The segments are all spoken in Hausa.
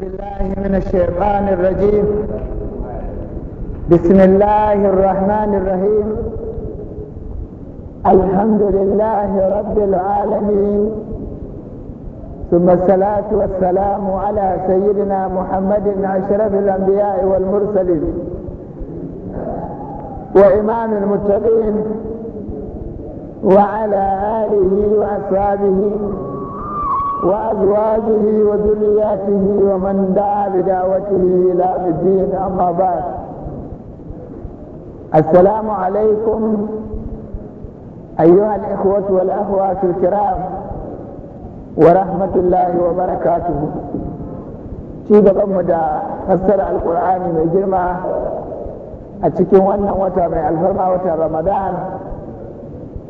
بالله من الشيطان الرجيم بسم الله الرحمن الرحيم الحمد لله رب العالمين ثم الصلاة والسلام على سيدنا محمد أشرف الأنبياء والمرسلين وإمام المتقين وعلى آله وأصحابه وأزواجه وذرياته ومن دعا بدعوته إلى الدين أما بعد السلام عليكم أيها الإخوة والأخوات الكرام ورحمة الله وبركاته ci gabanmu فسر القرآن من mai أتكي وأنا وتابع الفرما وتابع رمضان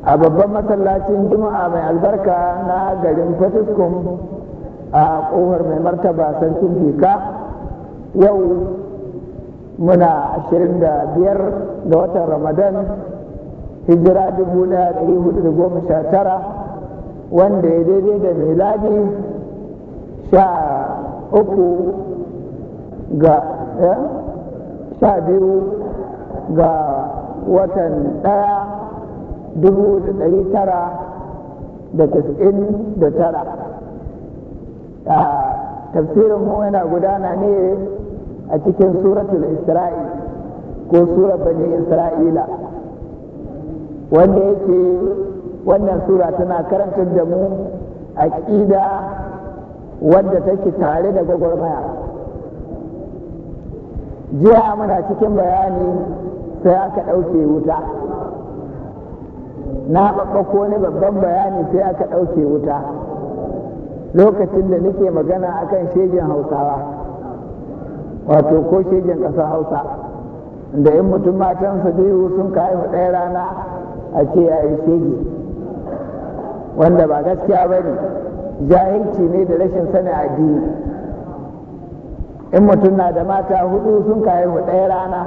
a babban masallacin juma'a mai albarka na garin fatiskum a kofar mai martaba sarkin fika yau muna 25 ga watan ramadan hijira 1419 wanda ya daidai da miladi uku ga eh, sha biyu ga watan ɗaya dubu da ɗari da tara ah, tafsirin mu yana gudana ne a cikin suratul isra'i ko sura bani isra'ila wanda yake wannan sura tana karantar da mu aƙida wadda take tare da gwagwarmaya jiya muna cikin bayani sai aka ɗauke wuta na ko wani babban bayani sai aka ɗauke wuta lokacin da nake magana akan shejin hausawa wato ko shejin ƙasa hausa da in mutum matansa biyu sun kayi ɗaya rana a ce ya yi shege wanda ba gaskiya ba ne jahilci ne da rashin sani addini in mutum na da mata hudu sun kayi ɗaya rana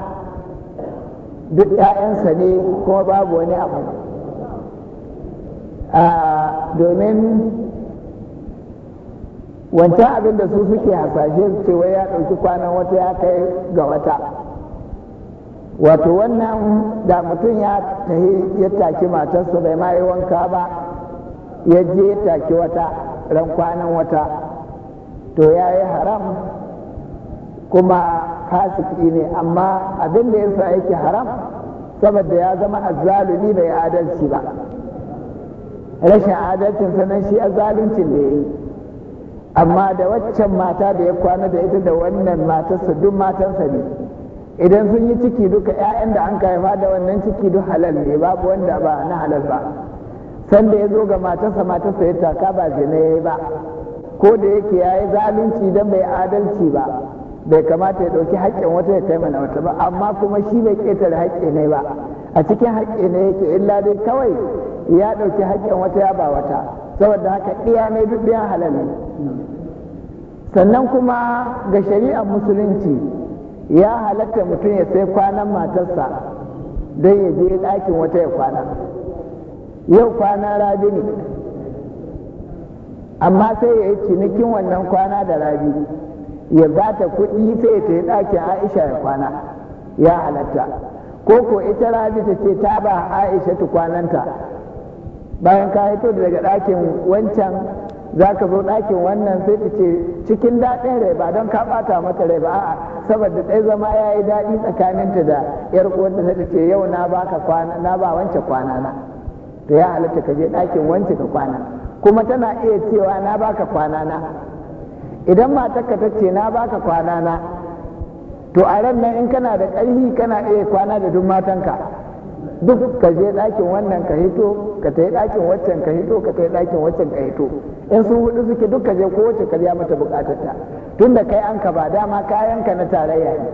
duk 'ya'yansa ne kuma babu wani abu domin wancan abin da su suke hasashe su ce ya ɗauki kwanan wata ya kai ga wata wato wannan da mutum ya tahi ya taki matarsa bai ma yi wanka ba ya je ya taki wata ran kwanan wata to ya yi haram kuma fasiki ne amma abin da ya sa yake haram saboda ya zama azzalumi bai adalci ba rashin adalcin sanan shi a zaluncin da ya yi amma da waccan mata da ya kwana da ita da wannan matarsa duk matansa ne idan sun yi ciki duka 'ya'yan da an kaifa da wannan ciki duk halal ne babu wanda ba na halal ba sanda ya zo ga matarsa matarsa ya taka ba zina ya yi ba ko da yake ya yi zalunci don bai adalci ba bai kamata ya ɗauki haƙƙin wata ya kai mana wata ba amma kuma shi bai ƙetare haƙƙi ne ba a cikin haƙƙi ne yake illa dai kawai ya ɗauki hakkin wata ya ba wata saboda haka ɗiya mai duk ɗiyan halal ne sannan kuma ga shari'ar musulunci ya halatta mutum ya sai kwanan matarsa don ya je ɗakin wata ya kwana yau kwana rabi ne amma sai ya yi cinikin wannan kwana da rabi ya ba ta kuɗi sai ya tafi ɗakin aisha ya kwana ya halatta ko ko ita rabi ta ce ta ba aisha ta kwananta bayan ka haito daga ɗakin wancan za ka zo ɗakin wannan sai ta ce cikin daɗin rai ba don ka ɓata mata rai ba a'a saboda ɗai zama ya yi daɗi tsakaninta da yar uwarta sai ta ce yau na ba ka kwana na ba wance kwana na to ya halatta ka je ɗakin wance ka kwana kuma tana iya cewa na ba ka kwana na idan matarka ta ce na ba ka kwana na to a ran nan in kana da ƙarfi kana iya kwana da duk matanka duk ka je ɗakin wannan ka hito ka tafi ɗakin waccan ka hito ka tafi ɗakin waccan ka hito in su hudu suke duk ka je ko wacce ka biya mata bukatarta tunda kai an ka ba dama kayan ka na tarayya ne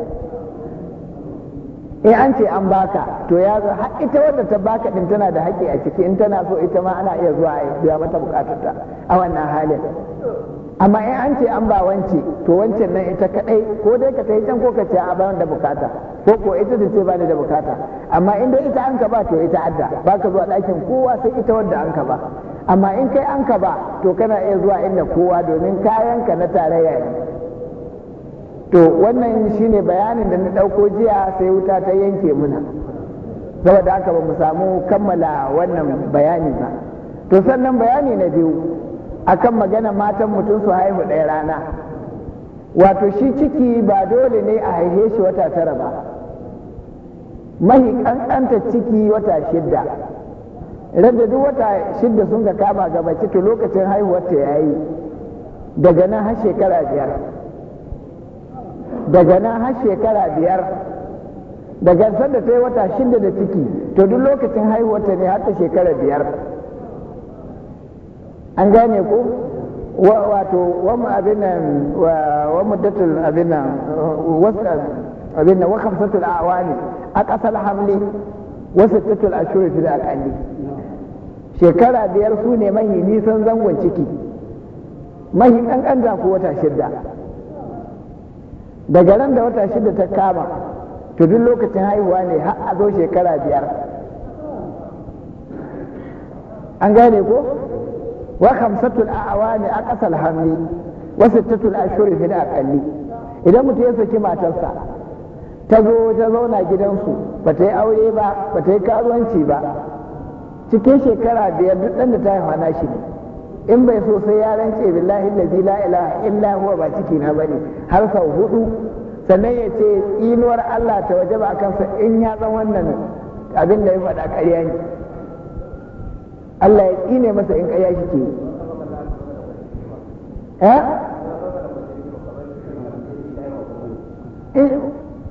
in an ce an baka to ya har ita wadda ta baka din tana da haƙƙi a ciki in tana so ita ma ana iya zuwa a biya mata bukatarta a wannan halin amma in an ce an ba wance to wancan nan ita kadai ko dai ka tai can ko ka ce a ba da bukata ko ko ita ta ce ba da bukata amma in dai ita an ka ba to ita adda ba ka zuwa ɗakin kowa sai ita wanda an ka ba amma in kai an ka ba to kana iya zuwa inda kowa domin kayan ka na tarayya ne to wannan shine bayanin da na ɗauko jiya sai wuta ta yanke muna saboda haka ba mu samu kammala wannan bayani ba to sannan bayani na biyu akan magana matan mutum su haihu ɗaya rana wato shi ciki ba dole ne a haihe shi wata tara ba mahi ƙanƙanta ciki wata shidda rada duk wata shidda sun ga kama gaba ciki lokacin haihuwar ta yi daga nan har shekara biyar daga nan har shekara biyar daga sanda ta yi wata shidda da ciki to duk lokacin haihuwar ta ne har ta shekara biyar an gane ko wato wamu abin nan wa muddatul abin nan wasa abin nan wa khamsatul awani a kasal hamli wa sittatul ashhur fil aqali shekara biyar su ne mahi nisan zangon ciki mahi da ko wata shidda daga ran da wata shidda ta kama to duk lokacin haihuwa ne har a zo shekara biyar an gane ko wa khamsatul a'wani aqsal hamli wa sittatul ashhuri fil aqalli idan mutum ya saki matarsa ta zo ta zauna gidansu ba ta yi aure ba ba ta yi karuwanci ba cikin shekara biyar duk ɗan da ta haifa na shi ne in bai so sai ya rance billahi allazi la ba ciki na bane har sau huɗu sannan ya ce inuwar Allah ta waje ba kansa in ya zan wannan abin da ya faɗa karya ne Allah ya tsine masa in ƙarya shi ke eh,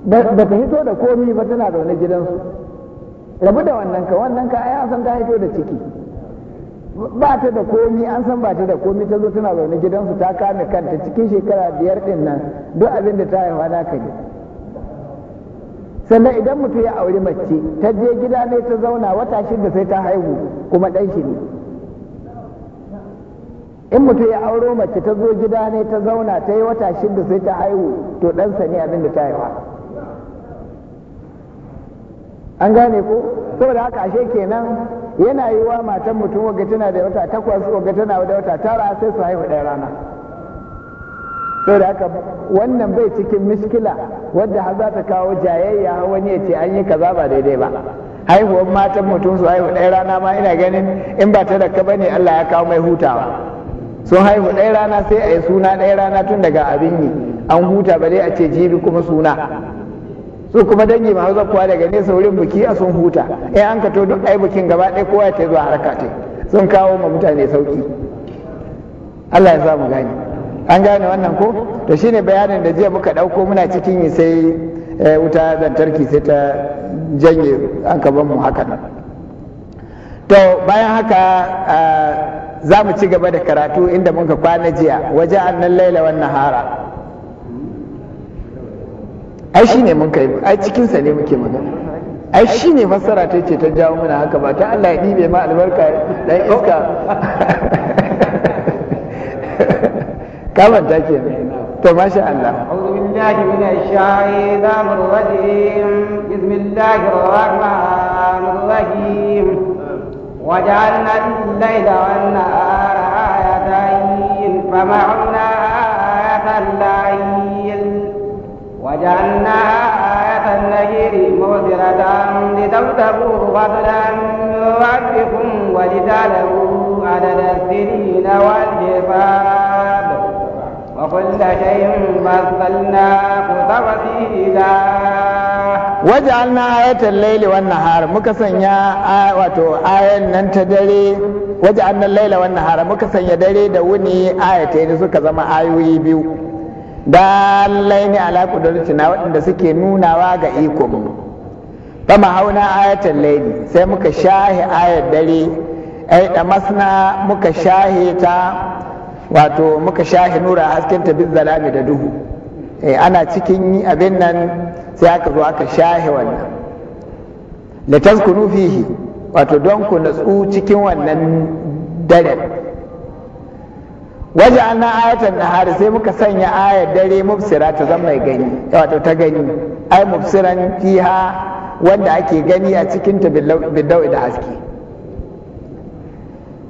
ba ta hito da komi ba tana da wani gidansu rabu da wannan ka wannan ka ya san ta hito da ciki ba ta da komi an san ba ta da komi ta zo tana wani gidansu ta kame kanta cikin shekara biyar din nan duk abin da ta haifa naka ne sannan idan mutum ya auri mace ta je gida ne ta zauna wata shida sai ta haihu kuma ɗan shi ne in mutum ya auro mace ta zo gida ne ta zauna ta yi wata shida sai ta haihu to ɗansa ne abin da ta haifa an gane ko saboda haka ashe kenan yana yi wa matan mutum waga tana da wata takwas waga tana da wata tara sai su haihu ɗaya rana da haka wannan bai cikin miskila wadda har za ta kawo jayayya wani ya ce an yi kaza ba daidai ba haihuwar matan mutum su haihu ɗaya rana ma ina ganin in ba ta daka ne Allah ya kawo mai hutawa sun haihu ɗaya rana sai a yi suna ɗaya rana tun daga abin yi an huta ba dai a ce jibi kuma suna su kuma dangi ma hausa kuwa daga nesa wurin buki a sun huta in eh, an ka duk ai bukin gaba ɗaya kowa ya ta zuwa harka sun kawo ma mutane sauki Allah ya sa gani an gane wannan ko to shine bayanin da jiya muka ɗauko muna cikin sai eh, wuta lantarki sai ta janye an ka mu haka nan to bayan haka za mu ci gaba da karatu inda muka kwana jiya waje annan laila wannan hara ai shine mun kai ai cikin sa ne muke magana ai shine fassara ta ce ta jawo muna haka ba ta Allah ya dibe ma albarka dan iska كما تجد تو طيب، ما شاء الله أعوذ بالله من الشيطان الرجيم بسم الله الرحمن الرحيم وجعلنا الليل والنهار آيتين فمحونا آية الليل وجعلنا آية النجير مبصرة لتبتغوا فضلا من ربكم ولتعلموا عدد السنين والجبال waje annan na ayatar laili wannan hara muka sanya wato ta dare waje an laili wannan hara muka sanya dare da wuni ayata suka zama ayoyi biyu da laini alaƙudar cina waɗanda suke nunawa ga iko. mu ba ma hauna ayatar laili sai muka sha-ahi ayar dare ɗan masana muka sha-ahi ta wato muka shahi nura hasken ta bin zalami da duhu eh, ana cikin abin nan sai aka zo aka shahi wannan litaskunu fihi wato don ku natsu cikin wannan dare waje an na ayatan nahari sai muka sanya ayar dare mubsira ta zama mai gani wato ta gani ai mubsiran fiha wanda ake gani a cikin ta bidau da haske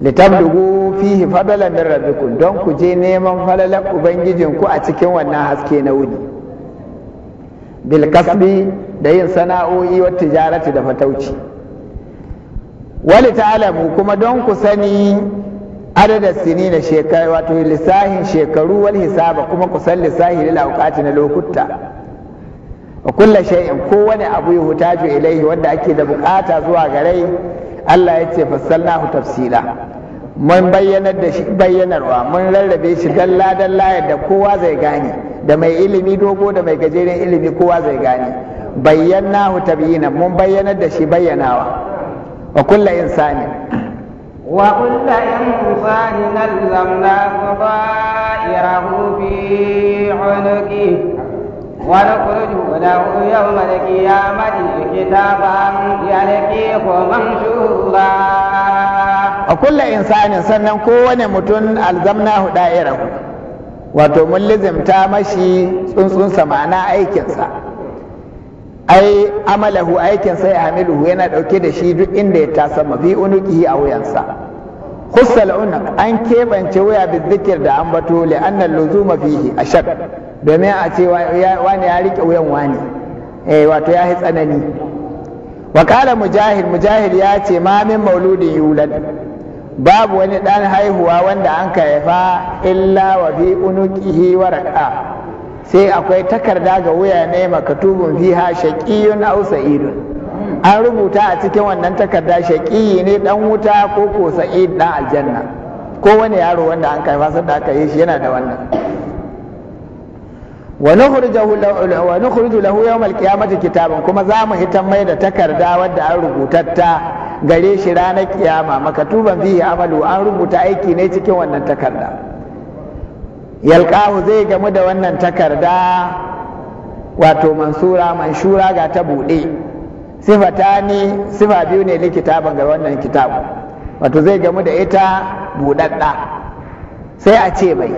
litablugu fihi fadala min rabbikum don ku je neman falalar ubangijin ku a cikin wannan haske na wuni bil kasbi da yin sana'o'i wa tijarati da fatauci wali alamu kuma don ku sani adada sini na shekaru wato lissahin shekaru wal hisaba kuma ku san lissahi lil awqati na lokuta wa kullu shay'in wani abu yuhtaju ilayhi wanda ake da bukata zuwa garai. Allah ya ce fassalnahu tafsila mun bayyanar da shi bayyanarwa mun rarrabe shi dalla dalla yadda kowa zai gane da mai ilimi dogo da mai gajeren ilimi kowa zai gane bayyanahu tabyina mun bayyanar da shi bayyanawa wa kullu insani wa kullu insani nalzamnahu ba'irahu fi 'unuqihi wani kuru ji guda hudu yau mada kiyama da yake taba ya da koman shura. A kulla insanin sannan kowane mutum alzamna huda irin wato mun lizimta mashi tsuntsunsa ma'ana aikinsa. Ai, amalahu aikinsa ya hamiluhu yana dauke da shi duk inda ya tasa mafi unuki a wuyansa. fussal unuk an keɓance waya bi zikir da ambato li annal luzuma fihi ashak domin a ce wani ya rike wuyan wani eh wato ya yi tsanani wa qala mujahid mujahid ya ce ma min mauludin yulad babu wani dan haihuwa wanda an kaifa illa wa fi unuqihi warqa sai akwai takarda ga wuya ne makatubun fiha shaqiyun aw sa'idun an rubuta a cikin wannan takarda shaƙi ne dan wuta ko ko sa'id dan aljanna ko wani yaro wanda an kai fasar da aka yi shi yana da wannan wa nukhrijuhu lahu yawm qiyamati kitaban kuma za mu hitan mai da takarda wadda an rubutatta gare shi ranar kiyama makatuban bihi amalu an rubuta aiki ne cikin wannan takarda yalqahu zai gamu da wannan takarda wato mansura manshura ga ta buɗe sifatani sifa biyu ne likitaban ga wannan kitabu wato zai gamu da ita budadda sai a ce mai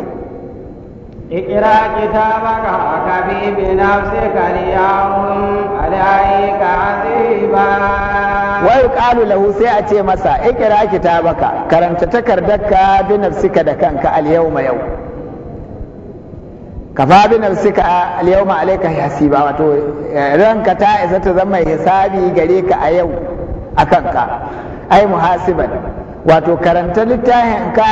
ikira kitaba ga haka bibi na fi kari yawon alayika ba wai kalu lahu sai a ce masa ikira kitabaka karanta takardarka bi nafsika da kanka al yau ma yau kafa bi nafsika al-yawma alayka hasiba wato ranka ta isa ta zama hisabi gare ka a yau akan ka ai muhasiban wato karanta littafin ka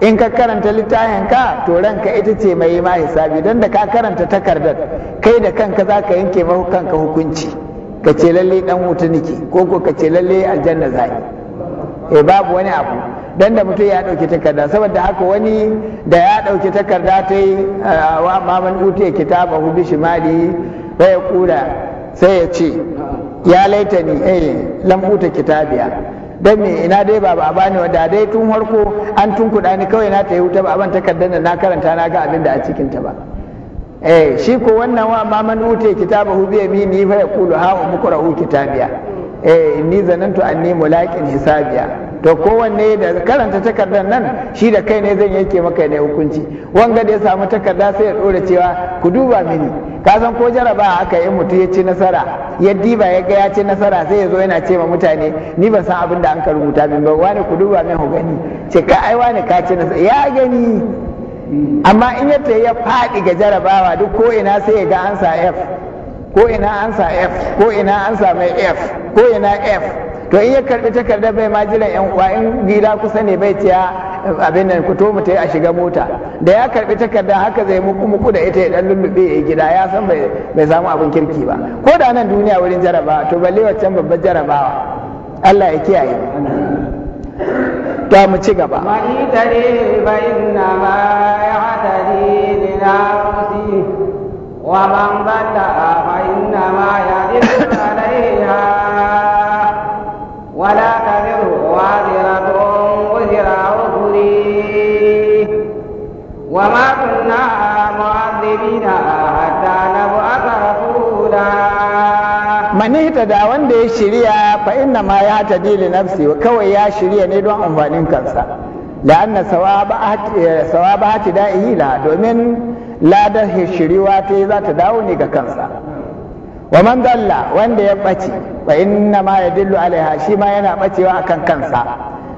in ka karanta littafin ka to ranka ita ce mai ma hisabi don da ka karanta takardar kai da kanka za ka yanke mahu kanka hukunci ka ce lalle dan wuta niki ko ko ka ce lalle aljanna zai eh babu wani abu dan da mutum ya ɗauki takarda saboda haka wani da ya ɗauki takarda ta yi eh, wa maman utiya kitaba hu shimali, wa ya kura sai ya ce ya laita ni eh lam uta kitabiya dan me ina dai ba ba bani wanda dai tun harko an tunkuɗa ni kawai na ta yi wuta ba ban takardar da na karanta na ga abin da a cikin ta ba eh shi ko wannan wa maman utiya kitaba hu bi yamini fa ya kulu ha umqra'u kitabiya eh ni zanantu anni mulakin hisabiya to kowanne da karanta takardar nan shi da kai ne zan yanke maka ne hukunci wanga da ya samu takarda sai ya dora cewa ku duba mini ka san ko jaraba aka yi mutu ya ci nasara ya diba ya ga ya ci nasara sai ya zo yana ce ma mutane ni ban san abin da an ka rubuta min ba wani ku duba min ku gani ce ka ai wani ka ci nasara ya gani amma in yadda ya faɗi ga jarabawa duk ko ina sai ya ga ansa F ko ina ansa F ko ina ansa mai F ko ina F to in ya karbi takardar bai ma jiran yan uwa in gida kusa ne bai ciya abin nan ku to mu a shiga mota da ya karbi takardar haka zai muku muku da ita ya dan lullube ya gida ya san bai bai samu abin kirki ba ko da nan duniya wurin jaraba, to balle wancan babbar jarabawa Allah ya kiyaye ta mu ci gaba ومن ولا تزر da wanda ya shirya fa'in na ma ya tadi li nafsi kawai ya shirya ne don amfanin kansa da anna sawaba sawaba ba da'ihi la domin ladar shiriwa ta za ta dawo ne ga kansa wa man dalla wanda ya bace wa inna ma yadullu alaiha shi ma yana bacewa akan kansa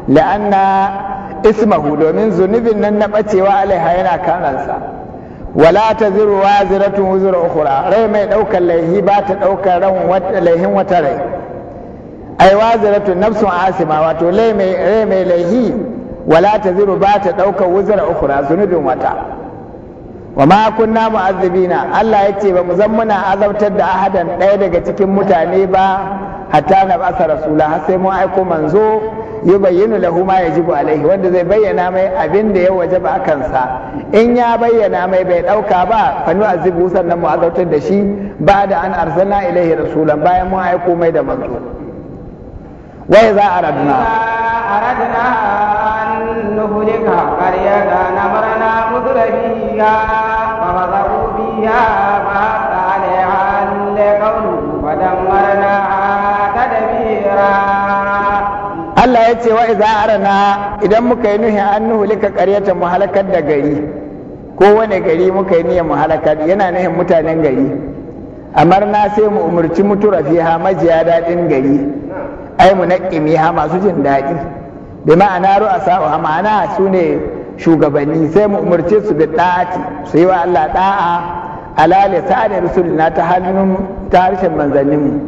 la'anna ismahu domin zunubin nan na bacewa alaiha yana kan ransa wala taziru waziratun wuzura ukhra rai mai daukar laihi ba ta daukar ran wata laihin wata rai ai waziratun nafsun asima wato rai mai laihi wala taziru ba ta daukar wuzura ukhra zunubin wata wa ma kunna mu'azzibina Allah ya ce ba mu zan muna azabtar da ahadan ɗaya daga cikin mutane ba hatta na basa rasula har sai mu aiko manzo ya bayyana lahu ma yajibu alaihi wanda zai bayyana mai abin da ya ba a sa, in ya bayyana mai bai dauka ba fa nu azibu sannan mu azabtar da shi ba da an arsalna ilaihi rasulan bayan mu aiko mai da manzo wa idza aradna aradna an nuhlika qaryatan amrana mudrafi Allah ya ce wa iza arana idan muka yi nuhin an lika ƙaryata mu halakar da gari ko wani gari muka yi niyyar mu yana nuhin mutanen gari amar na sai mu umarci mutura ha majiya daɗin gari ai mu naƙi ha masu jin daɗi bi ma'ana ru'asa ma'ana su ne shugabanni sai mu umarci su bi ɗa'ati su yi wa Allah ɗa'a alale sa'ad rasulina ta hannun ta harshen manzannin mu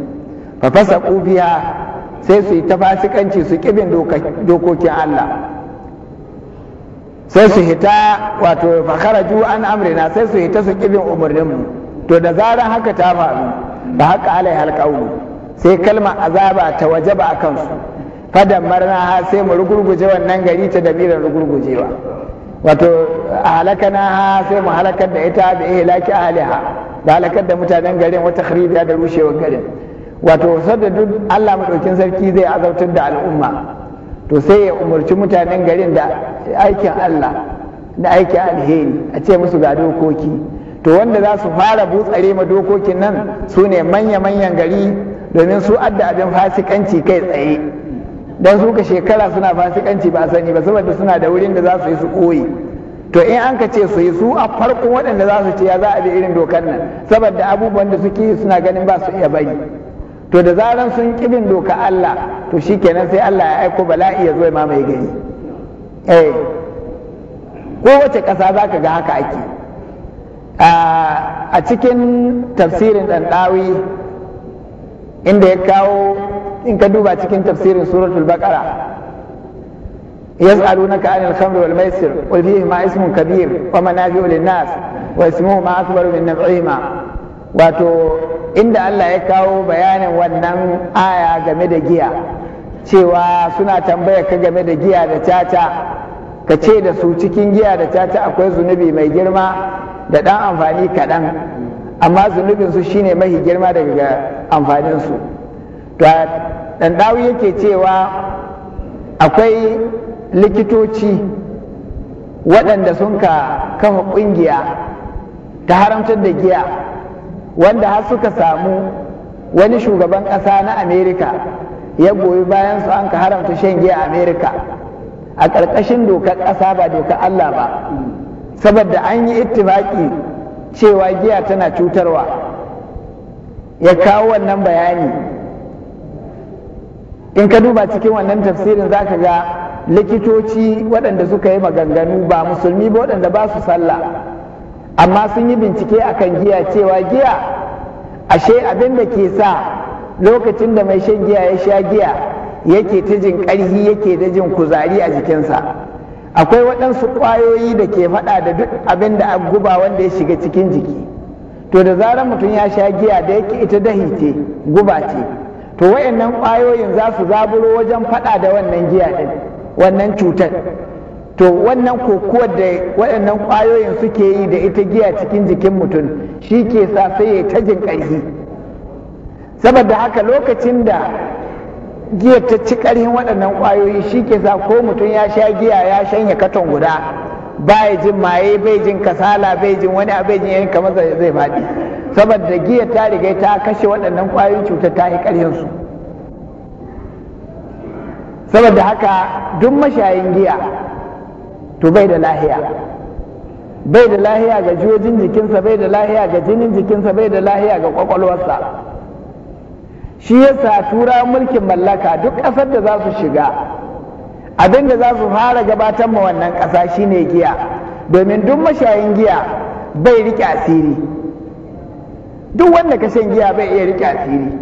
fa fasa kufiya sai su yi ta fasikanci su kibin dokokin Allah sai su hita wato fa kharaju an amrina sai su hita su kibin umarnin mu to da zarar haka ta faru ba haka alai halqaulu sai kalmar azaba ta wajaba a kansu. fadan marna ha sai mu rugurguje wannan gari ta dabiran rugurgujewa wato halaka na ha sai mu halakar da ita bi ihlaki ahliha da halakar da mutanen garin wata kharibiya da rushewar garin wato sadda duk Allah madaukin sarki zai azabtar da al'umma to sai ya umarci mutanen garin da aikin Allah da aikin alheri a ce musu ga dokoki to wanda za su fara butsare ma dokokin nan su ne manya-manyan gari domin su adda abin fasikanci kai tsaye dan suka shekara suna fasikanci ba sani ba saboda suna da wurin da za su yi su koyi to in an ka ce su yi su a farko waɗanda za su ce ya za a bi irin dokar nan saboda abubuwan da suke suna ganin ba su iya bari to da zaran sun kibin doka Allah to shikenan sai Allah ya aiko bala'i ya zo ya mamaye gari eh kowace ƙasa za ka ga haka ake a cikin tafsirin ɗanɗawi inda ya kawo in ka duba cikin tafsirin suratul baqara fihi ma Kabir, kabir wa فيهما lin nas wa ismuhu ma أكبر min nab'ima wato inda Allah ya kawo bayanin wannan aya game da giya cewa suna tambaya ka game da giya da caca ka ce da su cikin giya da caca akwai zunubi mai girma da ɗan amfani kaɗan amma zunubinsu shine mahi girma daga amfaninsu to dan yake cewa akwai likitoci waɗanda sun ka kafa ƙungiya ta haramtar da giya wanda har suka samu wani shugaban ƙasa na amerika ya goyi bayan su an ka haramta shan giya a amerika a ƙarƙashin dokar ƙasa ba dokar allah ba saboda an yi ittifaki cewa giya tana cutarwa ya kawo wannan bayani in ka duba cikin wannan tafsirin za ka ga likitoci waɗanda suka yi maganganu ba musulmi ba waɗanda ba su sallah amma sun yi bincike akan giya cewa giya ashe abin da ke sa lokacin da mai shan giya ya sha giya yake ta jin ƙarhi yake da jin kuzari a jikinsa akwai waɗansu ƙwayoyi da ke faɗa da duk abin da guba wanda ya shiga cikin jiki to da zarar mutum ya sha giya da yake ita dahi ce guba ce to wayannan ƙwayoyin za su zaburo wajen faɗa da wannan giya ɗin wannan cutar to wannan kokuwar da waɗannan ƙwayoyin suke yi da ita giya cikin jikin mutum shi ke sa sai ya ta jin ƙarfi saboda haka lokacin da giyar ta ci ƙarfin waɗannan ƙwayoyi shi ke sa ko mutum ya sha giya ya shanya katon guda Ba jin maye bai jin kasala bai jin wani abu jin yanka masa zai faɗi saboda giya ta riga ta kashe waɗannan ƙwayoyin cuta ta yi ƙarfin su saboda haka duk mashayin giya to bai da lahiya bai da lahiya ga jiyojin jikinsa bai da lahiya ga jinin jikinsa bai da lahiya ga kwakwalwarsa shi yasa turawan mulkin mallaka duk ƙasar da za su shiga abin da za su fara gabatar ma wannan ƙasa shi ne giya domin duk mashayin giya bai riƙe asiri duk wanda ka shan giya bai iya riƙe asiri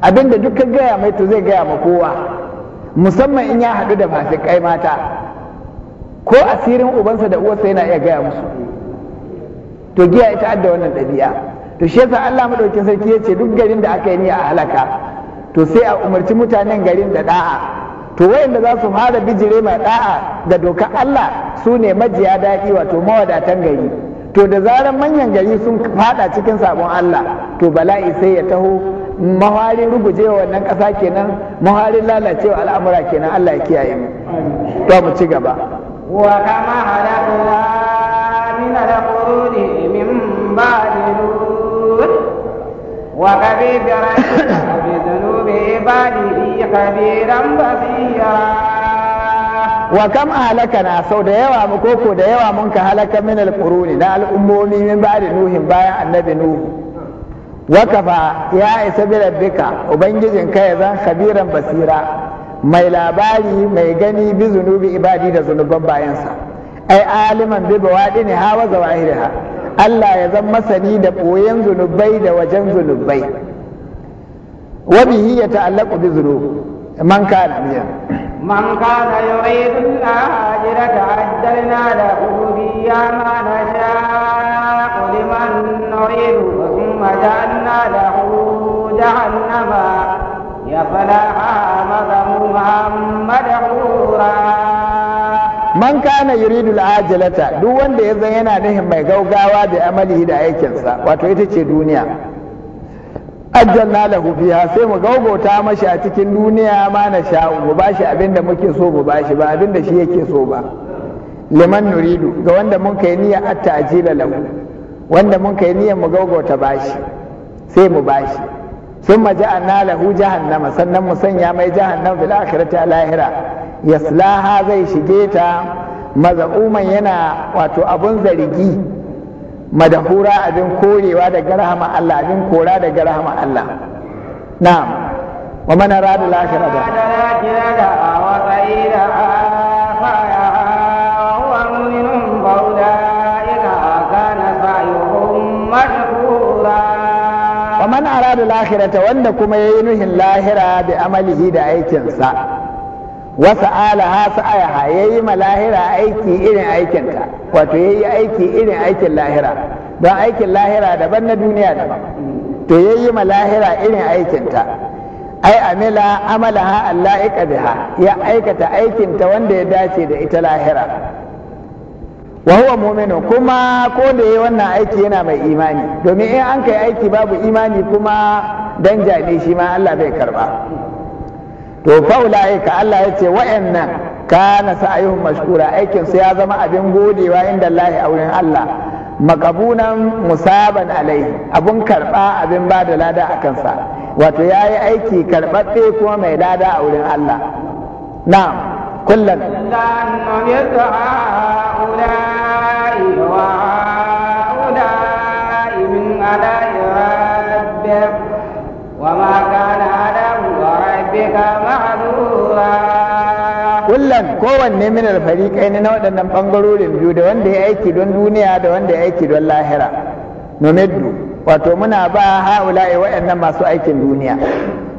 abin da duk ka gaya mai to zai gaya ma kowa musamman in ya haɗu da masu kai mata ko asirin ubansa da uwarsa yana iya gaya musu to giya ita adda wannan ɗabi'a to shi yasa Allah madaukakin sarki ya ce duk garin da aka yi niyya a halaka to sai a umarci mutanen garin da da'a to wayanda za su fara bijire mai da'a ga dokar Allah su ne majiya daɗi wato mawadatan gari to da zarar manyan gari sun fada cikin sabon Allah to bala'i sai ya taho maharin rugujewa wannan ƙasa kenan maharin lalacewa al'amura kenan Allah ya kiyaye mu to mu ci gaba wa kama halakna min al qurudi min ba'd wa kabi bi بعباده خبيرا basira? wa kam ahlakana sau da yawa mu koko da yawa mun ka halaka min alquruni na al'ummomi min ba'di nuhin bayan annabi nuhu wa kafa ya isa bi rabbika ubangijin ka ya zan khabiran basira mai labari mai gani bi zunubi ibadi da zunuban bayansa ai aliman bi bawadi ne hawa zawahiriha Allah ya zan masani da boyen zunubai da wajen zunubai وبه يتعلق بذنوب من كان بهم من كان يريد الآجرة عجلنا له فيها ما نشاء لمن نريد ثم جعلنا له جهنم يصلاها مذموما مدحورا man kana yuridul ajalata duk wanda ya zan yana nihin mai gaugawa da amalihi da aikinsa wato ita ce duniya ajjalna lahu fiha sai mu gaugauta mashi a cikin duniya ma na sha'u mu bashi abinda muke so mu bashi ba abinda shi yake so ba liman nuridu ga wanda mun kai niyya atta tajila lahu wanda mun kai niyyar mu gaugauta bashi sai mu bashi thumma ja'alna lahu jahannama sannan mu sanya mai fi bil akhirati lahira yaslaha zai shige ta mazauman yana wato abun zargi madahura abin korewa daga rahama Allah abin kora daga rahama Allah na wa man arada al-akhirata wa qayla man arada lahirata wanda kuma ya yi nuhin lahira da amalihi da aikinsa wa sa'alaha sa'ayaha yi ma lahira aiki irin aikinta wato ya yi aiki irin aikin lahira don aikin lahira daban na duniya daban to ya yi ma lahira irin aikinta ai amila ha Allah ya ha ya aikata aikinta wanda ya dace da ita lahira wa huwa mu'minu kuma ko da yayi wannan aiki yana mai imani domin in an kai aiki babu imani kuma dan jani shi ma Allah bai karba to fa ulaika Allah yace wa'annan kana sa'ayuhum mashkura aikin su ya zama abin godewa inda Allah a wurin Allah makabunan musaban alai abun karba abin ba da lada a kansa wato ya yi aiki karɓaɓɓe kuma mai lada a wurin Allah na kullum wannan kowanne min alfariƙai ne na waɗannan ɓangarorin biyu da wanda ya aiki don duniya da wanda ya aiki don lahira nomeddu wato muna ba ha'ula'i waɗannan masu aikin duniya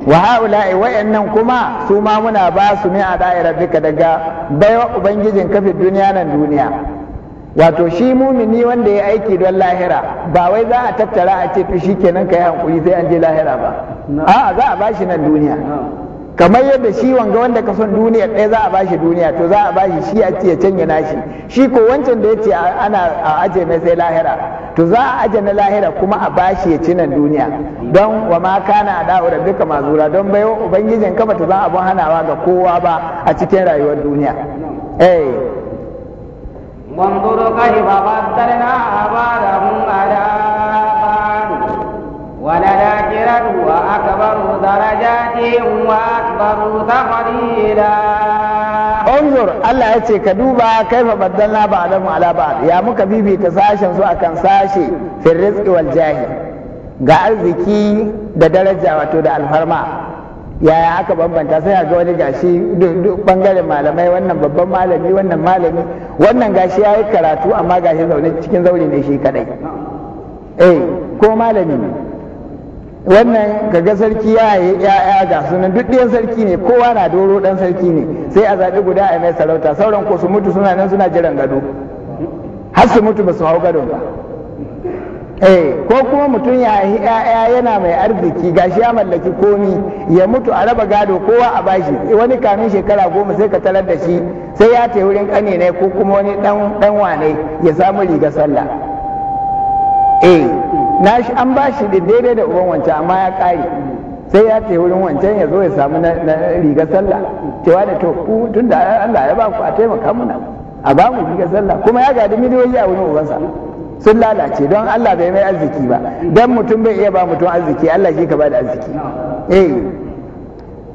wa ha'ula'i waɗannan kuma su ma muna ba su ne a duka daga baiwa ubangijin kafin duniya nan duniya wato shi mumini wanda ya aiki don lahira ba wai za a tattara a ce to ka kai hankuri sai an je lahira ba a'a za a bashi nan duniya kamar yadda shi wanga wanda ka son duniya ɗaya za a bashi duniya to za a bashi shi a ce canya nashi shi ko wancan da ya ce ana a aje mai sai lahira to za a aje na lahira kuma a bashi ya ci nan duniya don wa ma kana da da duka mazura don bai ubangijin ka bata za abun hanawa ga kowa ba a cikin rayuwar duniya eh wanzuru na abara mun ara درجات وأكبر تفضيلا انظر الله يتي كدوبا كيف بدلنا بعضهم على بعض يا مكا بيبي تساشن سوى كان ساشي في الرزق والجاه ga arziki da daraja wato da alfarma yaya aka bambanta sai ga wani gashi bangaren malamai wannan babban malami wannan malami wannan gashi ya yi karatu amma gashi zaune cikin zaure ne shi kadai eh ko malami ne wannan kaga sarki ya yi ya'ya ga sunan duk ɗiyan sarki ne kowa na doro ɗan sarki ne sai a zaɓi guda a mai sarauta sauran ko su mutu suna nan suna jiran gado har su mutu ba su hau gado ba eh ko kuma mutum ya yi ya'ya yana mai arziki ga shi ya mallaki komi ya mutu a raba gado kowa a bashi eh, wani kamin shekara goma sai ka talar da shi sai ya tafi wurin ƙane ne ko kuma wani ɗan wane ya samu rigar sallah eh na shi an ba shi daidai da uban wancan amma ya ƙare sai ya ce wurin wancan ya zo ya samu na riga sallah cewa da to ku tun da Allah ya ba ku a taimaka muna a ba mu riga sallah kuma ya gadi miliyoyi a wurin ubansa sun lalace don Allah bai mai arziki ba dan mutum bai iya ba mutum arziki Allah shi ka ba da arziki eh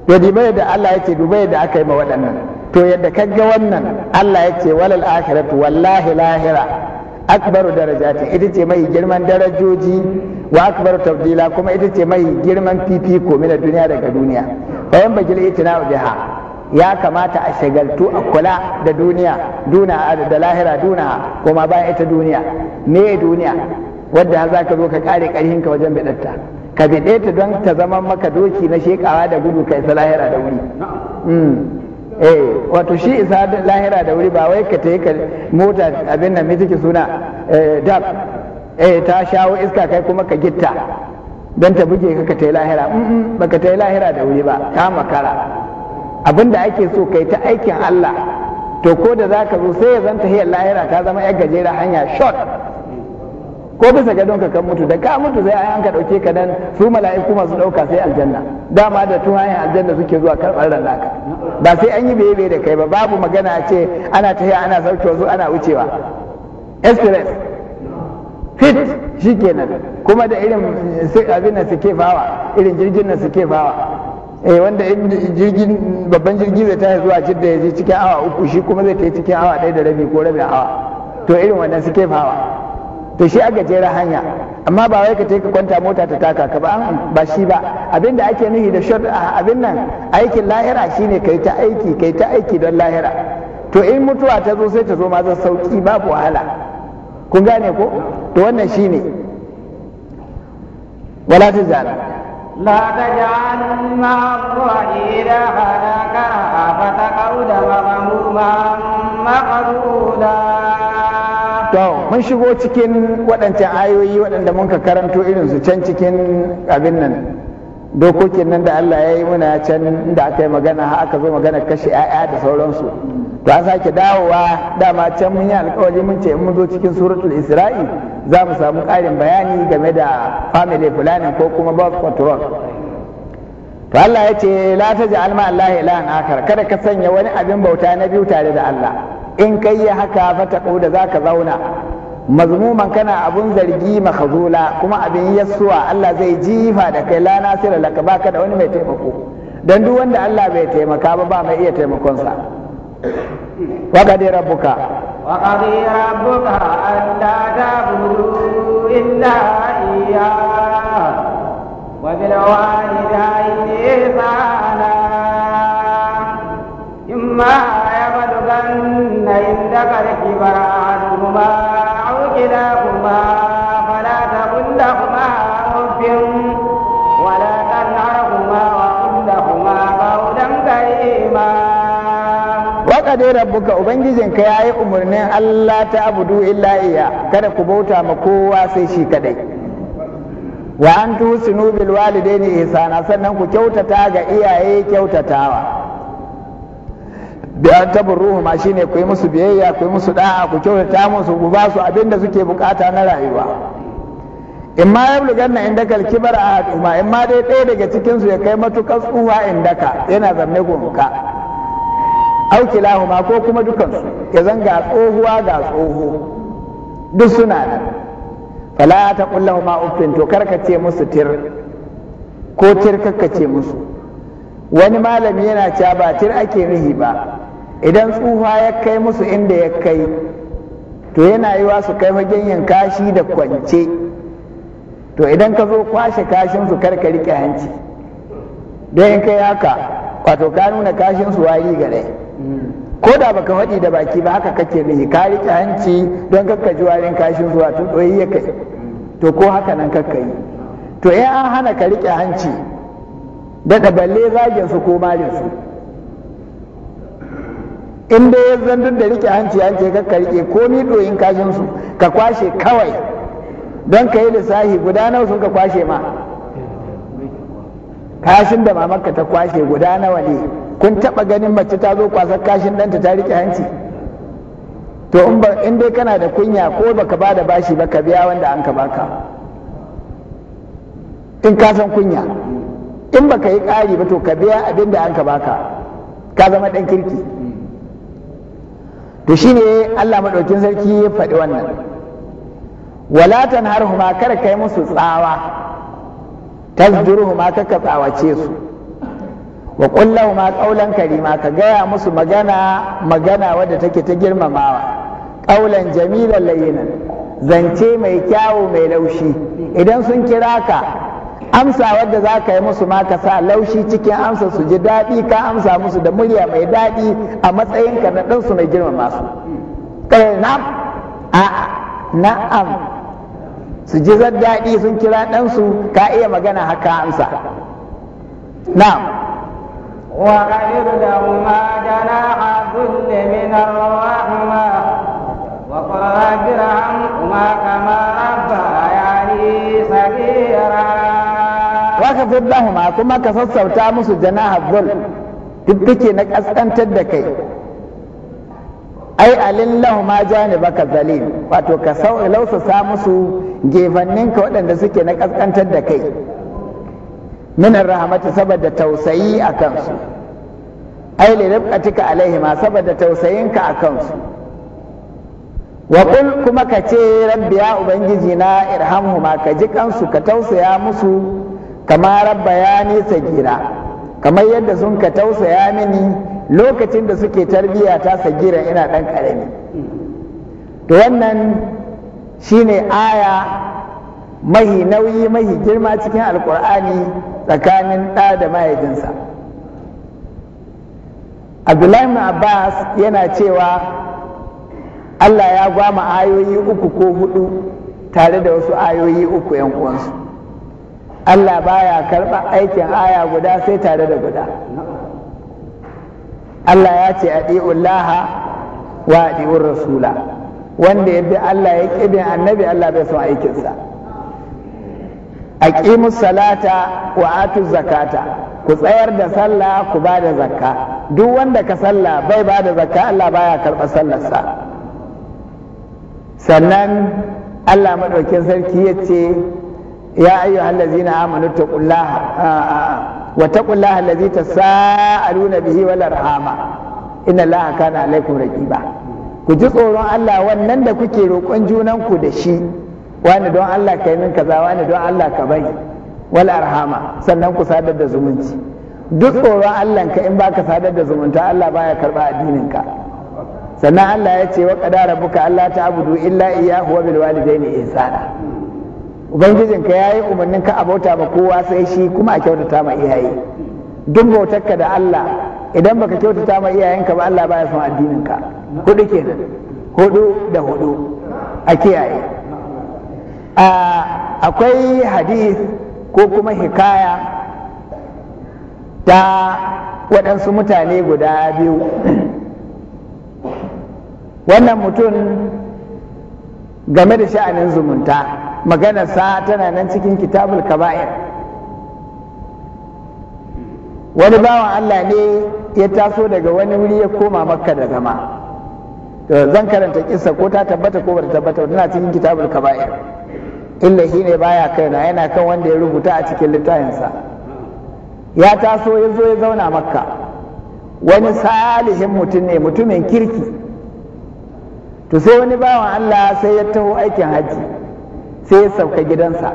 ya dubai da Allah ya ce dubai da aka yi ma waɗannan to yadda ga wannan Allah ya ce walal akhiratu wallahi lahira akbaru ce, ita ce mai girman darajoji wa Akbar Tafdila kuma ita ce mai girman fifiko mina duniya daga duniya bayan bagil itina biha ya kamata a shagaltu a kula da duniya duna da lahira duna kuma bayan ita duniya me duniya wadda har zaka zo ka kare karhin ka wajen bidatta ka ta don ta zama maka doki na shekawa da gudu kai ta lahira da wuri mm. eh wato shi isa lahira da wuri ba wai ka ta yi mota abin nan mai suna eh, dab eh ta shawo iska kai kuma ka gitta don ta buge ka ka ta yi lahira ba ka ta yi lahira da wuri ba ta makara abin da ake so kai ta aikin Allah to ko da za ka zo sai ya zanta hiyar lahira ta zama yar gajera hanya short ko bisa ga don ka mutu da ka mutu sai an ka dauke ka nan su mala'iku masu dauka sai aljanna dama da tuhayen aljanna suke zuwa karbar ran naka ba sai an yi bebe da kai ba babu magana a ce ana tafiya ana sauke wasu ana wucewa express fit shikenan kuma da irin abin da suke fawa irin jirgin da suke fawa eh wanda jirgin babban jirgi zai tashi zuwa jidda ya je cikin awa uku shi kuma zai tafi cikin awa ɗaya da rabi ko rabin awa to irin wannan suke fawa to shi a gajeren hanya amma ba wai ka je ka kwanta mota ta taka ka ba ba shi ba abin da ake nuhi da shot abin nan aikin lahira shine kai ta aiki kai ta aiki don lahira to in mutuwa ta zo sai ta zo ma zan sauki babu wahala kun gane ko to wannan shine wala ta zara لا تجعل مع الله إلها ma مغموما مقرودا to mun shigo cikin waɗancan ayoyi waɗanda mun ka karanto irin su can cikin abin nan dokokin nan da Allah ya yi muna can inda aka yi magana har aka zo magana kashe 'ya'ya da sauransu to an sake dawowa dama can mun yi alkawari mun ce in mun zo cikin suratul isra'i za mu samu ƙarin bayani game da family planning ko kuma birth control to Allah ya ce la taj'al ma Allah ilahan akhar kada ka sanya wani abin bauta na biyu tare da Allah in kai ya haka fata da za ka zauna mazmuman kana abun zargi makhzula kuma abin yassuwa Allah zai jifa da kai la nasira laka baka da wani mai taimako dan duk wanda Allah bai taimaka ba ba mai iya taimakon sa wa qadi rabbuka wa qadi rabbuka alla ta'budu illa iya wa bil walidayni ihsana imma ذكر الكبر أحدهما أو كلاهما فلا ya yi umarnin Allah ta abudu illa iya kada ku bauta ma kowa sai shi kadai wa an Walidai ne walidaini na sannan ku kyautata ga iyaye kyautatawa bi an tabarruhu ma shine ku yi musu biyayya ku yi musu da'a ku kyautata musu ku ba su da suke bukata na rayuwa in ma ya bulgan indaka alkibar a haduma in ma dai ɗaya daga cikin su ya kai matukar tsuwa indaka yana zanne gonka au ma ko kuma dukan su ya zanga tsohuwa ga tsoho duk suna nan fala ta kullahu ma uffin to karkace musu tir ko tir ce musu wani malami yana cewa ba tir ake nihi ba idan tsufa ya kai musu inda ya kai to yana yi su kai fagen kashi da kwance to idan ka zo kwashe kashin su karka rike hanci don in kai haka wato ka nuna kashin su wari gare ko da baka faɗi da baki ba haka kake rihi ka rike hanci don kakka ji warin kashin su wato ɗoyi ya kai to ko haka nan kakka yi to in an hana ka rike hanci daga balle zagin su ko malin su in da ya zandun da rike hanci hanci ka karke ko ni doyin kashin su ka kwashe kawai don ka yi lissahi guda nawa sun ka kwashe ma kashin da mamaka ta kwashe guda nawa ne kun taba ganin mace ta zo kwasar kashin ɗanta ta rike hanci to in dai kana da kunya ko baka ba da bashi ba ka biya wanda an ka baka in ka san kunya in baka yi ƙari ba to ka biya abin da an ka baka ka zama ɗan kirki to shine Allah madaukin sarki ya faɗi wannan wala tanharhuma kar kai musu tsawa tazduruhuma kaka tsawace su wa qul lahumu qawlan karima ka gaya musu magana magana wadda take ta girmamawa qawlan jamilan layyinan zance mai kyawu mai laushi idan sun kira ka amsa wadda za ka yi musu ma ka sa laushi cikin amsa su ji daɗi ka amsa musu da murya mai daɗi a matsayinka na ɗansu mai girmama su ƙare na'am a na'am su ji zan daɗi sun kira ɗansu ka iya magana haka amsa na'am وأعرض لهما جناح الذل من الرحمة وقل رب ارحمهما كما ربياني wa'azir lahuma kuma ka sassauta musu janaha zul take na kaskantar da kai ai ma lahuma janibaka zalim wato ka sau lausasa musu gefanninka waɗanda suke na kaskantar da kai minar rahamati saboda tausayi a kansu ai li alaihi ma saboda tausayinka a kansu wa kuma ka ce rabbiya ubangiji na irhamhuma ka ji kansu ka tausaya musu kama rabba ya gira kamar yadda sun ka tausaya mini lokacin da suke tarbiya ta sagira ina ɗan ƙarami to wannan shine aya mahi nauyi mahi girma cikin alkur'ani tsakanin ɗa da mahaifinsa abdullahi abbas yana cewa allah ya gwama ayoyi uku ko hudu tare da wasu ayoyi uku 'yan uwansu Allah baya karɓa aikin aya guda sai tare da guda Allah ya ce a laha wa a rasula wanda ya bi Allah ya ƙibin annabi Allah bai son aikinsa aqimus salata wa atu zakata ku tsayar da sallah ku ba da zakka duk wanda ka sallah bai ba da zakka Allah baya karɓa sallarsa sannan Allah maɗaukin sarki ya ce ya ayyuhal ladzina amanu taqullaha wa taqullaha allazi tasaaluna bihi wal arhama inna allaha kana alaikum raqiba ku ji tsoron Allah wannan da kuke roƙon junanku da shi wani don Allah ka yi min wani don Allah ka bari wal arhama sannan ku sadar da zumunci duk tsoron Allah ka in baka sadar da zumunta Allah baya karba addinin ka sannan Allah ya ce wa qadara rabbuka alla ta'budu illa iyyahu wa walidai walidayni ihsana ubangijinka ya yi umarnin ka abota bauta ma kowa sai shi kuma a kyautata ma iyaye duk bautarka da Allah idan baka kyautata ma iyayenka ba Allah baya son addininka hudu kenan hudu da hudu a kiyaye akwai hadith ko kuma hikaya ta waɗansu mutane guda biyu wannan mutum game da sha'anin zumunta sa tana nan cikin kitabul kaba'ir wani bawan Allah ne ya taso daga wani wuri ya koma makka da zama to zan karanta kissa ko ta tabbata ko bata tabbata tana cikin kitabul kaba'ir illa shi ne baya kaina yana kan wanda ya rubuta a cikin littafinsa ya taso ya zo ya zauna makka wani salihin mutum ne mutumin kirki to sai wani bawan Allah sai ya taho aikin hajji sai ya sauka gidansa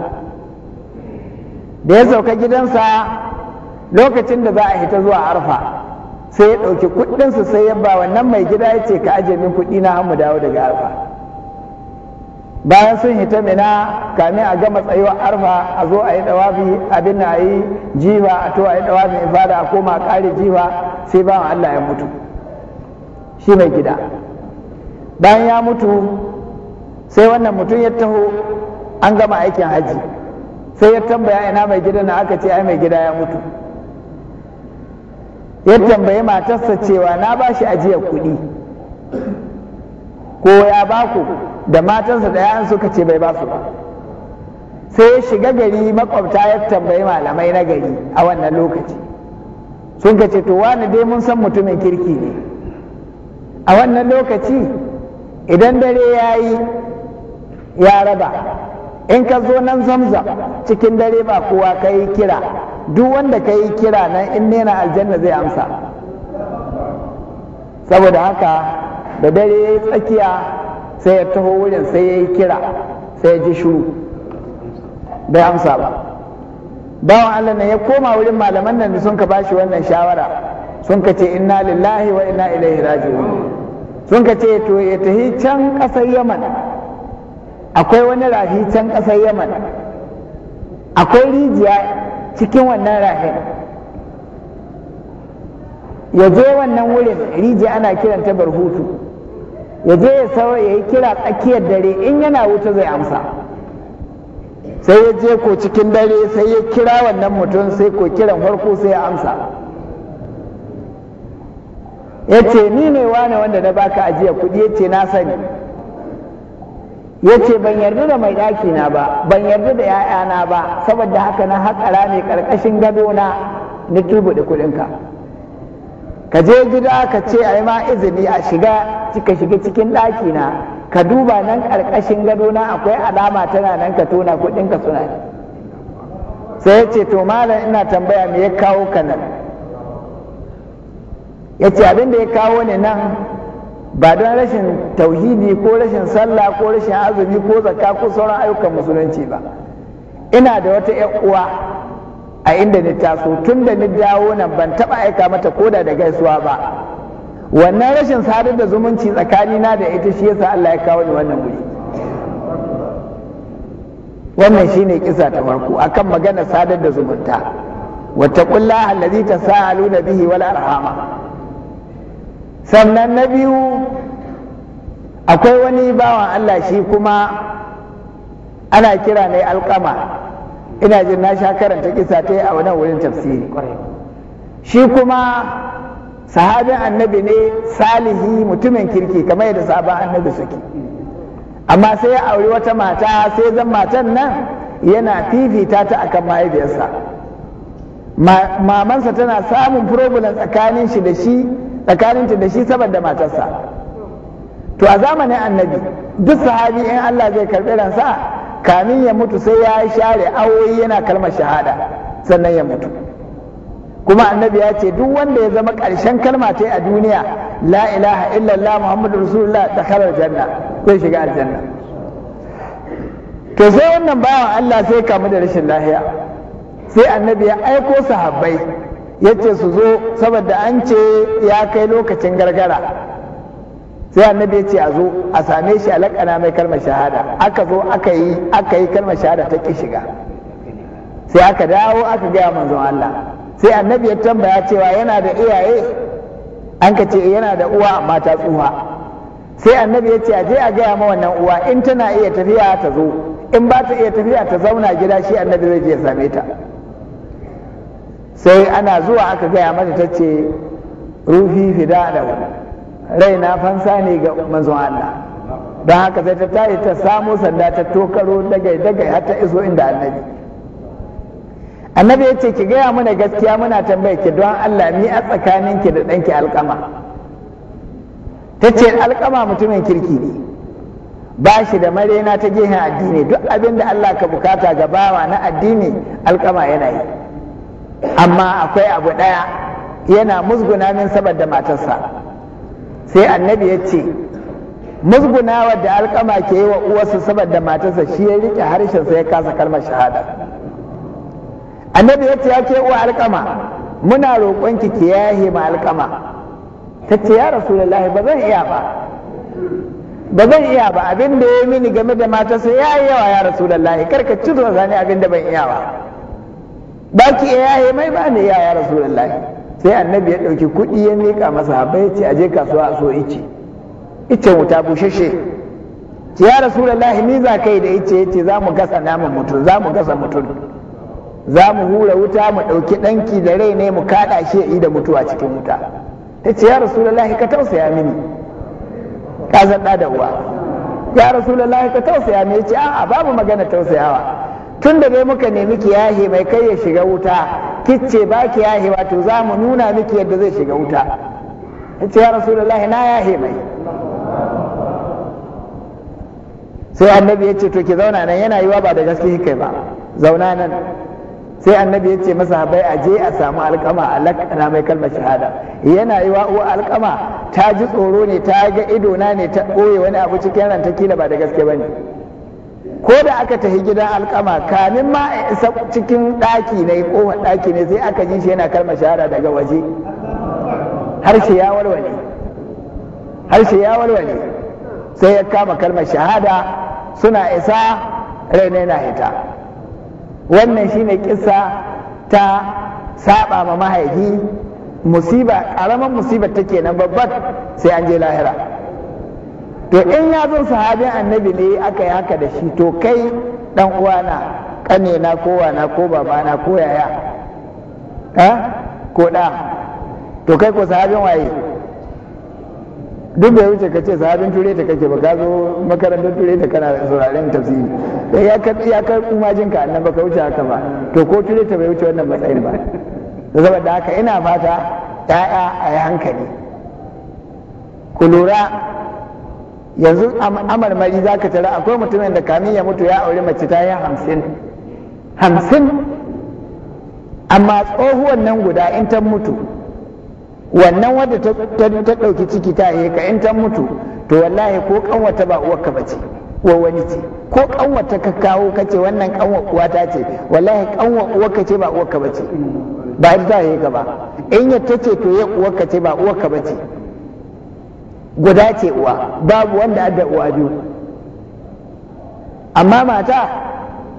da ya sauka gidansa lokacin da za a hita zuwa arfa sai ya ɗauki kuɗinsu sai ya ba wannan mai gida ya ce ka ajiye min kuɗi na mu dawo daga arfa bayan sun hita mina kame a gama tsayuwa arfa a zo a yi ɗawafi abin na yi jiwa a to a yi ɗawafin ibada a koma a ƙare jiwa sai ba Allah ya mutu shi mai gida bayan ya mutu sai wannan mutum ya taho an gama aikin haji sai ya tambaya ina mai gida na aka ce ai mai gida ya mutu ya tambayi matarsa cewa na ba shi ajiyar kuɗi ko ya baku da matarsa da yayan suka ce bai ba su ba sai ya shiga gari makwabta ya tambayi malamai na gari a wannan lokaci sun ka ce to wani dai mun san mutumin kirki ne a wannan lokaci idan dare ya yi ya raba in ka zo nan zamzam cikin dare ba kowa ka yi kira duk wanda ka yi kira na, in nena aljanna zai amsa saboda haka da dare ya yi tsakiya sai ya taho wurin sai ya yi kira sai ya ji shuru bai amsa ba bawan allah na ya koma wurin malaman nan da sun ka bashi wannan shawara sun ka ce inna lillahi wa inna ilaihi raji'un sun ka ce to ya tahi can ƙasar yaman akwai wani rafi can ƙasar yaman akwai rijiya cikin wannan rafin ya je wannan wurin rijiya ana kiranta barhutu ya je ya sawa ya yi kira tsakiyar dare in yana wuta zai amsa sai ya je ko cikin dare sai ya kira wannan mutum sai ko kiran farko sai ya amsa ya ce ni ne wane wanda na baka ajiya kuɗi ya ce na sani ya ce ban yarda da mai ɗaki na ba ban yarda da ‘ya'yana ba saboda haka na haƙara ne ƙarƙashin gado na na turbuɗe kuɗinka ka je gida ka ce a yi ma izini a shiga ka shiga cikin ɗaki na ka duba nan ƙarƙashin gado na akwai alama tana nan ka tona kuɗinka suna sai ya ce to malam ina tambaya me ya kawo ka nan ya ce abin da ya kawo ne nan ba don rashin tauhidi ko rashin sallah ko rashin azumi ko zakka ko sauran ayyukan musulunci ba ina da wata 'yan uwa a inda ni taso tun da ni dawo nan ban taɓa aika mata koda da gaisuwa ba wannan rashin sadar da zumunci tsakanina da ita shi yasa Allah ya kawo ni wannan guri wannan shine kisa ta farko akan magana sadar da zumunta wata wattaqullaha allazi tasaluna bihi wal arhama sannan na biyu akwai wani bawan Allah shi kuma ana kira ne alkama ina jin na sha karanta kisa ta a wannan wurin tafsiri shi kuma sahabin annabi ne salihi mutumin kirki kamar yadda sahabin annabi suke amma sai ya auri wata mata sai zan matan nan yana fifita ta akan mahaifiyarsa mamansa tana samun problem tsakanin shi da shi tsakaninta da shi saboda matarsa to a zamanin annabi duk sahabi in Allah zai karɓi ransa kamin ya mutu sai ya share awoyi yana kalmar shahada sannan ya mutu kuma annabi ya ce duk wanda ya zama ƙarshen kalma ta a duniya la ilaha illallah muhammadu rasulullah da kalar janna zai shiga aljanna to sai wannan bawan Allah sai kamu da rashin lahiya sai annabi ya aiko sahabbai yace su zo saboda an ce ya kai lokacin gargara sai annabi ya ce a zo a same shi a lakana mai kalmar shahada aka zo aka yi aka yi kalmar shahada ta ki shiga sai aka dawo aka gaya manzon Allah sai annabi ya tambaya cewa yana da iyaye an ka ce eh, yana da uwa amma ta tsufa sai annabi ya ce a je a gaya ma wannan uwa in tana iya tafiya ta zo in ba ta iya tafiya ta zauna gida shi annabi zai je ya same ta sai ana zuwa aka gaya mata ta ce ruhi fida da rai na fansa ne ga manzon Allah don haka sai ta tashi ta samo sanda ta tokaro dagai dagai har ta iso inda annabi annabi ya ce ki gaya mana gaskiya muna tambaye ki don Allah ni a tsakanin ki da ɗanki alƙama ta ce alƙama mutumin kirki ne ba shi da marena ta gehen addini duk abin da Allah ka bukata ga bawa na addini alƙama yana yi amma akwai abu ɗaya yana musguna min saboda matarsa sai annabi ya ce musguna da alkama ke yi wa uwarsa saboda matarsa shi ya rike harshensa ya kasa kalmar shahada annabi ya ce ya ke uwa alkama muna roƙonki ki yahe ma alkama ta ce ya rasulullahi ba zan iya ba ba zan iya ba abin da ya yi mini game da matarsa ya yi yawa ya rasulullahi karka ci zane abin da ban iya ba ba ki iya yaye mai ba ne ya rasulullah sai annabi ya ɗauki kuɗi ya miƙa masa haɓa ya ce aje kasuwa a so ice icen wuta bushashe ce ya rasulullah ni za kai da ice ya ce za mu gasa naman mutum za mu gasa mutum za mu hura wuta mu ɗauki ɗanki da rai ne mu kaɗa shi ya da mutuwa cikin wuta ta ce ya rasulullah ka tausaya mini ka san da uwa ya rasulullah ka tausaya mini ya ce a'a babu magana tausayawa tun da dai muka nemi kiyahi mai kai ya shiga wuta kicce ba kiyahi yahe wato za mu nuna miki yadda zai shiga wuta ce ya rasulullahi na yahe mai sai annabi ya ce to ki zauna nan yana yiwa ba da gaske kai ba zauna nan sai annabi ya ce masa bai a je a samu alkama a lakana mai kalmar shahada yana yiwa uwa alkama ta ji tsoro ne ta ga ido na ne ta ɓoye wani abu cikin ranta kila ba da gaske ba ne ko da aka tafi gidan alkama kamin ma isa cikin ɗaki ne ko ɗaki ne sai aka ji shi yana kalmar shahada daga waje harshe ya walwale ya walwale sai ya kama kalmar shahada suna isa raina na hita wannan shine kisa ta saba ma mahaifi musiba ƙaramin musibar take nan babbar sai an je lahira to in ya zo sahabin annabi ne aka yi haka da shi to kai dan uwana kanena ko wana ko babana ko yaya ha ko da to kai ko sahabin waye duk da wuce ka ce sahabin ture ta kake ba ka zo makarantar ture ta kana sauraren tafsiri ya ka ya ka jin ka annan ka wuce haka ba to ko ture ta bai wuce wannan matsayin ba saboda haka ina fata ya'ya a yi hankali ku lura yanzu mari za ka tara akwai mutumin da kamin ya mutu ya aure mace ta yi hamsin hamsin amma tsohuwan nan guda in ta mutu wannan wadda ta ɗauki ciki ta yi ka in ta mutu to wallahi ko kanwata ba uwarka ba ce wa wani ce ko kanwata ka kawo ka ce wannan kanwa uwata ce wallahi kanwa uwarka ce ba uwarka ba ce ba ita ta yi gaba. in yadda ce to ya uwarka ce ba uwarka ba ce guda ce uwa babu wanda adda uwa biyu amma mata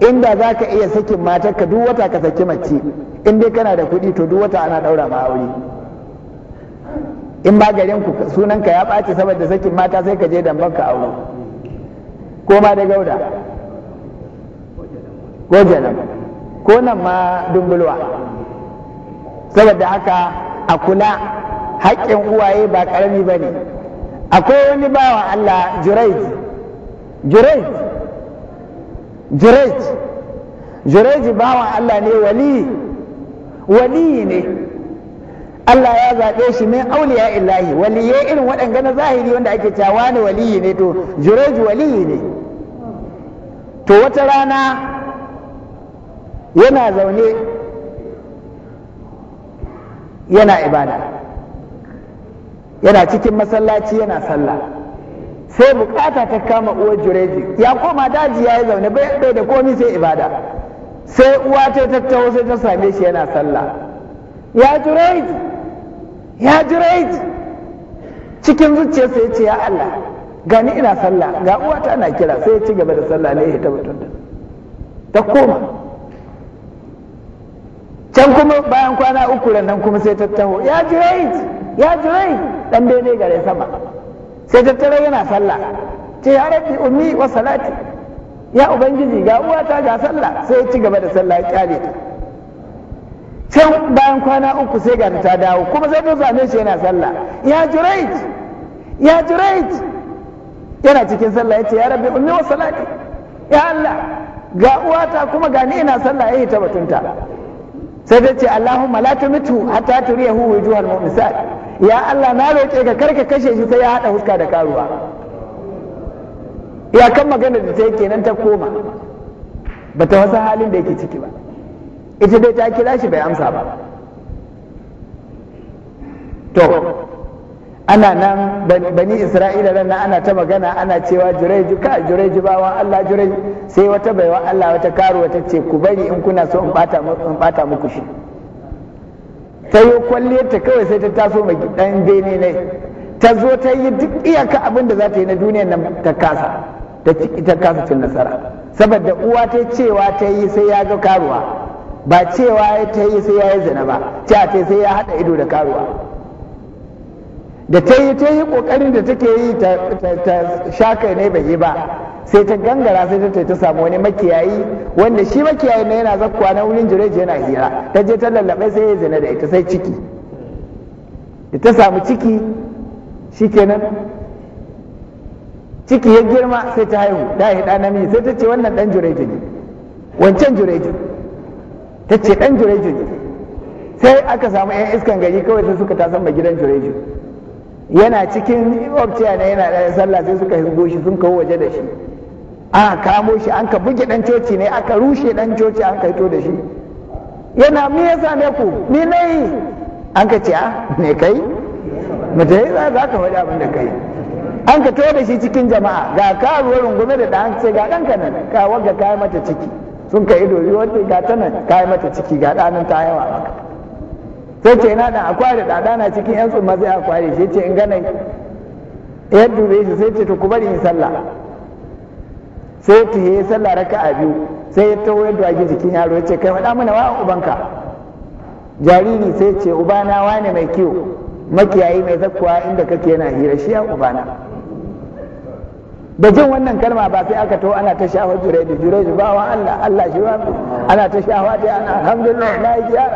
inda za ka iya sakin matar ka duk wata ka saki mace in dai kana da kuɗi to duk wata ana ɗaura ma aure in ba garin ku sunanka ya ɓaci saboda sakin mata sai ka je damban ka aure ko ma da gauda ko jalam ko nan ma dumbulwa saboda haka a kula haƙƙin uwaye ba ƙarami ba ne akwai wani bawa Allah Jurayj Jurayj Jurayj Jurayj bawa Allah ne wali wali ne Allah ya zaɓe shi min auliya illahi waliyai irin waɗanga na zahiri wanda ake cewa ne waliyi ne to Jurayj waliyi ne to wata rana yana zaune yana ibada yana cikin masallaci yana sallah sai bukata ta kama uwar jureji ya koma daji ya yi zaune bai da komi sai ibada sai uwa ta tattaho sai ta same shi yana sallah ya jureji ya jureji cikin zuciya sai ce ya Allah gani ina sallah ga uwa ta ana kira sai ci gaba da sallah ne ya ta mutunta ta koma can kuma bayan kwana uku nan kuma sai tattaho ya jureji ya jirai dan bene gare sama sai tattare yana sallah ce ya rabbi ummi wa salati ya ubangiji ga uwata ga sallah sai ya ci gaba da sallah ya kyale ta can bayan kwana uku sai ga ta dawo kuma sai ta same shi yana sallah ya jirai ya jirai yana cikin sallah ya ce ya rabbi ummi wa salati ya Allah ga uwata kuma ga ni ina sallah yayi ta batunta sai ta ce Allahumma la tumitu hatta turiyahu wujuhal mu'minat ya Allah na roƙe ka karka kashe shi sai ya haɗa huska da karuwa ya kan magana da ta kenan ta koma Ba ta wasu halin da yake ciki ba ita dai ta kira shi bai amsa ba to ana nan bani isra'ila nan ana ta magana ana cewa jureju ka jureju bawa Allah jureju sai wata baiwa Allah wata karuwa ta ce ku bari in kuna so in bata muku shi ta yi kwalle ta kawai sai ta taso mai dan bene ne ta zo ta yi duk iyaka abin da za ta yi na duniyar nan ta kasa ta kasa cin nasara saboda uwa ta cewa ta yi sai ya ga karuwa ba cewa ta yi sai ya yi zina ba ta sai ya haɗa ido da karuwa da ta yi ta yi kokarin da take yi ta shaka ne bai yi ba sai ta gangara sai ta ta samu wani makiyayi wanda shi makiyayi ne yana zakkuwa na wurin jireji yana hira ta je ta lallabe sai ya zina da ita sai ciki da ta samu ciki shikenan ciki ya girma sai ta haihu da ya da namiji sai ta ce wannan dan jireji ne wancan jireji ta ce dan jireji ne sai aka samu 'yan iskan gari kawai sai suka tasan gidan jireji. yana cikin ofciya ne yana da sallah sai suka hingo shi sun kawo waje da shi a kamo shi an ka buge dan coci ne aka rushe dan coci an ka hito da shi yana me yasa ne ku ni nayi an ka ce a ah, me kai mata yi za ka faɗi abin da kai an ka tawo da shi cikin jama'a ga karuwar rungume da ɗan ce ga ka nan ka wagga ka mata ciki sun ka dori wata ga ta nan ka mata ciki ga ɗanin ta yawa maka sai ce ina da akwai da dada na cikin yan tsumma sai akwai shi ce in ganai ya dube shi sai ce to ku bari in sallah sai ta yi sallah raka a biyu sai ya taho ya dage jikin yaro ya ce kai faɗa mana wa ubanka jariri sai ce ubana wane mai kiwo makiyayi mai zakkuwa inda kake yana hira shi ya ubana da jin wannan kalma ba sai aka taho ana ta shafa jurai da jurai ba wa Allah Allah shi wa ana ta shafa ta ana alhamdulillah na yi gyara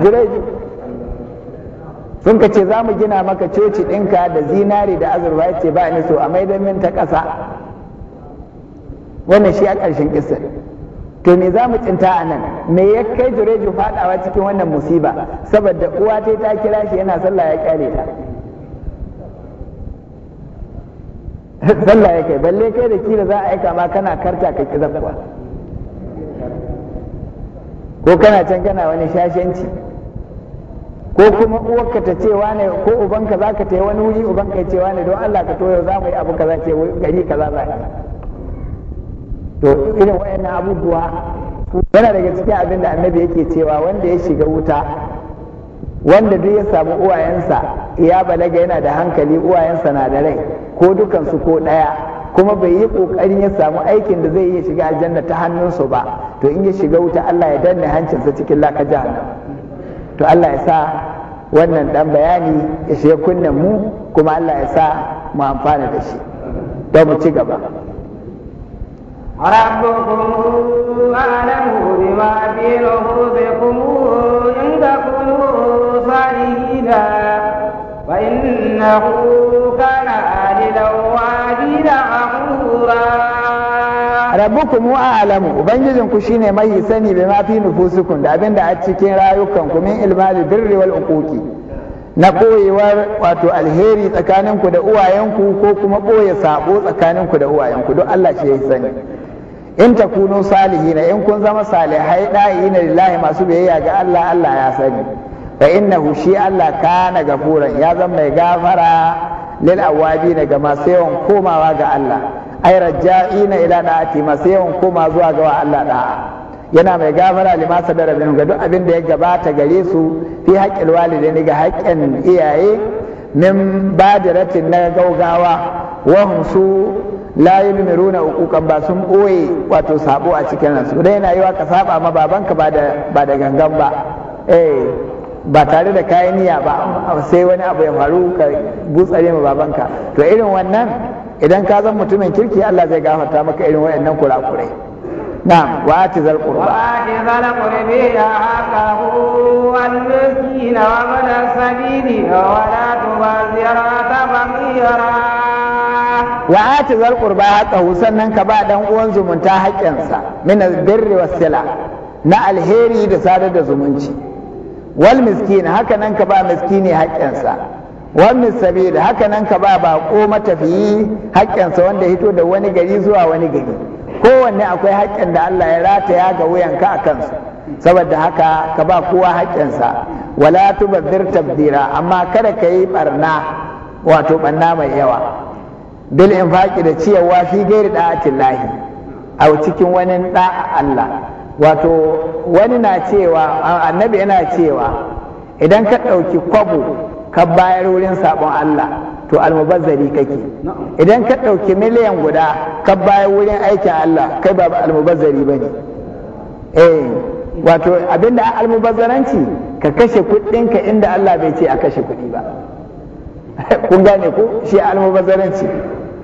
jurai sun ka ce za mu gina maka coci ɗinka da zinari da azurfa ya ce ba ni so a maidan min ta ƙasa wannan shi a ƙarshen ƙisar to me za mu tsinta a nan me ya kai jureju faɗawa cikin wannan musiba saboda uwa ta ta kira shi yana sallah ya ƙare ta sallah ya kai balle kai da kila za a aika ma kana karta ka ƙi ko kana can kana wani shashanci ko kuma uwarka ta cewa ne ko ubanka za ka ta wani wuri ubanka ya cewa ne don Allah ka toyo za mu yi abu kaza ce gari kaza za to irin wayannan abubuwa yana daga cikin abin da annabi yake cewa wanda ya shiga wuta wanda duk ya samu uwayensa ya balaga yana da hankali uwayensa na da rai ko dukansu ko ɗaya kuma bai yi ƙoƙarin ya samu aikin da zai iya shiga aljanna ta hannunsu ba to in ya shiga wuta Allah ya danne hancinsa cikin lakajan to Allah ya sa wannan dan bayani ya shiga kunnen mu kuma Allah ya sa mu amfana da shi don mu ci gaba ربكم أعلم بما في نفوسكم إن تكونوا صالحين فإنه كان عادلا وعديدا غفورا rabbukum wa a'lamu ubangijin ku shine mai sani bai ma fi nufusukun da abinda a cikin rayukan ku min ilmali birri wal uquqi na koyewar wato alheri tsakaninku da uwayen ku ko kuma koye sabo tsakaninku da uwayen ku, don Allah shi yayi sani in takunu salihina in kun zama salihai da'ina lillahi masu biyayya ga Allah Allah ya sani fa innahu shi Allah kana gafuran ya zama mai gafara lil awabi ga masu yawan komawa ga Allah ai raja'ina ila da'ati masu yawan koma zuwa ga Allah da'a yana mai gafara limasa da rabin ga duk abin da ya gabata gare su fi haƙƙin walidaini ga haƙƙin iyaye min badiratin na gaugawa wahum su la yulmiruna uquqan ba sun ɓoye wato sabo a cikin nasu. da yana wa ka saba ma babanka ba da gangan ba eh ba tare da kayan niyya ba sai wani abu ya faru ka butsare ma babanka to irin wannan idan ka zan mutumin kirki Allah zai gafarta maka irin wayannan kurakurai na'am wa ati zal qurba wa ati zal qurbi ya haqahu wal miskin wa man sabili wa la ta tabira wa ati zal qurba haqahu sannan ka ba dan uwan zumunta haƙƙinsa min al birri was sila na alheri da sadar da zumunci wal miskin haka nan ka ba miskini haƙƙinsa wannan sabili haka nan ka ba baƙo matafiyi haƙƙinsa wanda hito da wani gari zuwa wani gari kowanne akwai haƙƙin da Allah ya rataya ga wuyanka a kansu saboda haka ka ba kowa haƙƙinsa wala tubadir tabdira amma kada ka yi barna wato ɓanna mai yawa bil infaqi da ciyawa, fi gairi da'atillahi a cikin wani da'a Allah wato wani na cewa annabi yana cewa idan ka ɗauki kwabo ka bayar wurin sabon Allah to almubazzari kake idan ka ɗauki miliyan guda ka bayar wurin aikin Allah kai ba almubazzari ba ne eh wato abinda almubazzaranci ka kashe kuɗinka inda Allah bai ce a kashe kuɗi ba kun gane ko shi almubazzaranci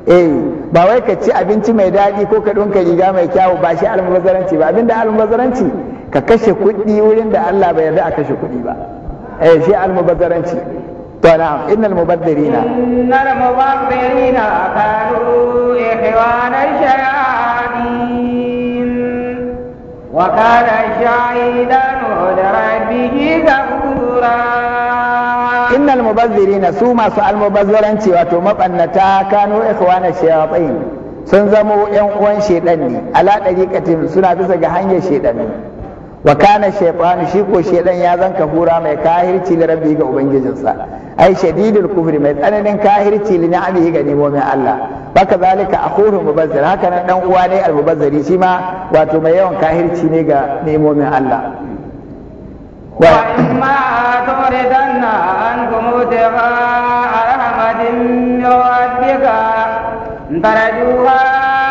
eh ba wai ka ci abinci mai daɗi ko ka ɗunka riga mai kyawu ba shi almubazzaranci ba abinda almubazzaranci ka kashe kuɗi wurin da Allah bai yarda a kashe kuɗi ba eh shi almubazzaranci نعم إن المبذرين إن المبذرين كانوا إخوان الشياطين وكان شهيدا لربه غفورا إن المبذرين سوما سأل مبذرين سواتو مبنتا كانوا إخوان الشياطين sun zamo ‘yan uwan shaidan ne ala ɗariƙatin suna bisa ga hanyar shaidan ne wa kana shaifanu shi ko shaidan ya zanka hura mai kahirci da ga ubangijinsa ai shadidul kufri mai tsananin kahirci li ni'amihi ga nimomin Allah baka zalika akhuhu mubazzir haka nan dan uwa ne al-mubazziri shi ma wato mai yawan kahirci ne ga nimomin Allah wa ma turidanna ankum tibaa rahmatin min rabbika tarajuha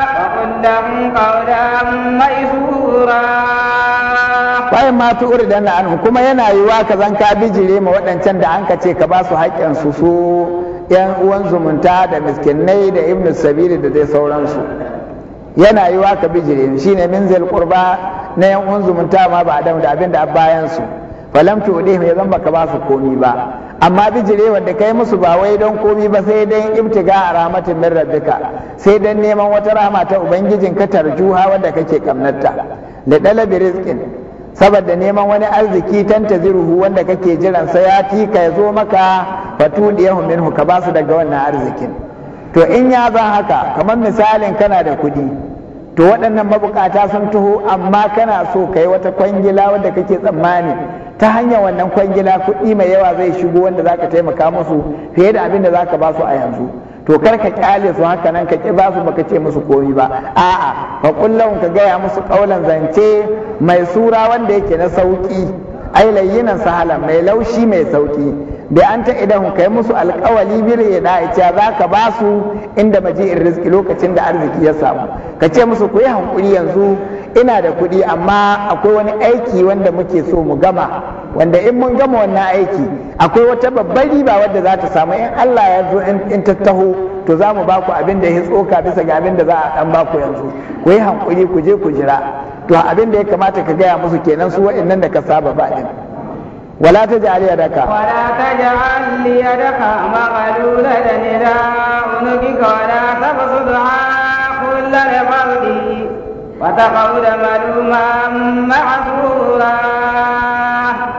wa qul lahum mai maysura bayan ma fi uri dan la'anu kuma yana yiwa ka zan ka bijire ma waɗancan da an ka ce ka ba su haƙƙin su su yan uwan zumunta da miskinai da ibn sabiri da dai sauransu yana yiwa ka bijire shine min zal qurba na yan uwan zumunta ma ba adam da abin da bayan su falam tu udihim ya zan baka ba su komi ba amma bijire wanda kai musu ba wai don komi ba sai dan ibtiga a rahmatin min rabbika sai dan neman wata rahama ta ubangijin ka tarjuha wanda kake kamnatta da dalabi rizqin saboda neman wani arziki tantaziruhu wanda kake jiran sa ya tika ya zo maka fatudiyahu minhu ka basu daga wannan arzikin to in ya zan haka kamar misalin kana da kuɗi to waɗannan mabukata sun taho amma kana so kai wata kwangila wanda kake tsammani ta hanyar wannan kwangila kuɗi mai yawa zai shigo wanda zaka taimaka musu fiye da abin da zaka ba su a yanzu to kar ka kyale su haka nan ka ki ba su baka ce musu komi ba a'a fa kullahum ka gaya musu kaulan zance mai sura wanda yake na sauki ai layyinan sahala mai laushi mai sauki da an ta idan kai musu alkawali biyu ya da ita za ka ba su inda maji'in rizki lokacin da arziki ya samu ka ce musu ku yi hankuri yanzu ina da kuɗi amma akwai wani aiki wanda muke so mu gama wanda in mun gama wannan aiki akwai wata babbar riba wadda za ta samu in Allah ya zo in ta taho to za mu baku abin da ya tsoka bisa ga abin da za a dan baku yanzu ku yi hankuri ku je ku jira to abin da ya kamata ka gaya musu kenan su wa'annan da ka saba ba din ولا تجعل يدك ولا تجعل يدك مغلولة إلى عنقك ولا تبسطها كل البسط وتقعد ملوما معذورا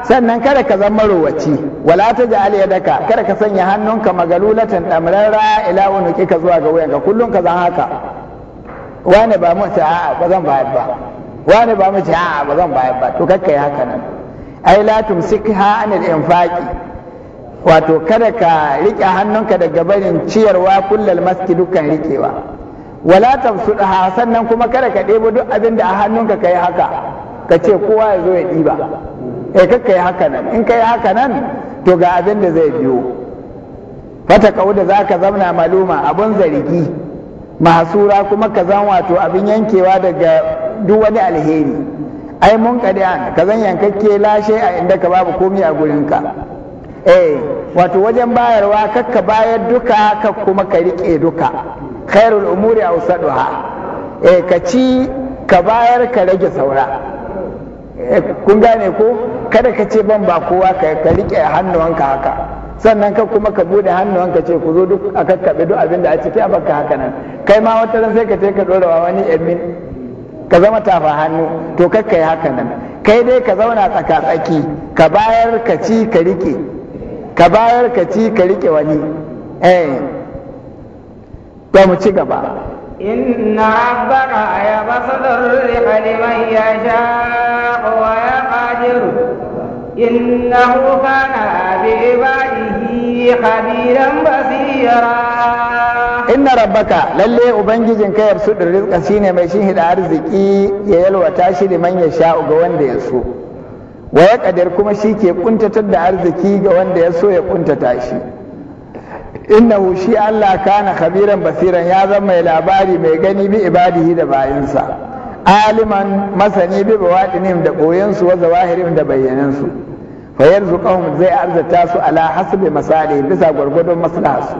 sannan kada ka zama marowaci wala ta ja'al daka, kada ka sanya hannunka magalulatan damrara ila wani ka zuwa ga wuyanka kullum ka zan haka wani ba mu ta ba zan bayar ba wani ba mu ta ba zan bayar ba to kakkai haka nan ai la tumsikha anil infaqi wato kada ka rike hannunka daga barin ciyarwa kullal maski dukkan rikewa wala tafsudaha sannan kuma kada ka debo duk abin da a hannunka kai haka ka ce kowa ya zo ya ɗiba eh kakka kai haka nan in kai haka nan to ga abin da zai biyo fata kauda za zaka zamna maluma abun zargi mahsura kuma ka zan wato abin yankewa daga duk wani alheri ai mun kadiyan ka zan yankakke lashe a inda ka babu komai a gurinka eh wato wajen bayarwa kakka bayar duka ka kuma ka rike duka khairul umuri ha, e eh, ka ci ka bayar ka rage saura e kun gane ko kada ka ce ban ba kowa ka rike hannuwanka haka sannan ka kuma ka bude hannuwanka ce ku zo duk a kakkaɓe duk abin da a ciki a baka haka nan kai ma wata ran sai ka je ka ɗora wani yamin ka zama tafa hannu to kakka yi haka nan kai dai ka zauna tsaka tsaki ka bayar ka ci ka rike ka bayar ka ci ka rike wani eh to mu ci gaba inna rabbaka yabsutu rizqa liman yasha'u wa yaqdiru innahu kana bi ibadihi khabiran basira inna rabbaka lalle ubangijin ka yabsutu rizqa shine mai shin hida arziki ya yalwata shi liman sha ga wanda ya so wa yaqdir kuma shi ke ƙuntatar da arziki ga wanda ya so ya kuntata shi innahu shi Allah kana khabiran basiran ya zama mai labari mai gani bi ibadihi da bayinsa aliman masani bi bawadinihim da boyensu wa zawahirim da bayyanansu fa yarzuqahum zai arzata su ala hasbi masali bisa gwargwadon maslahasu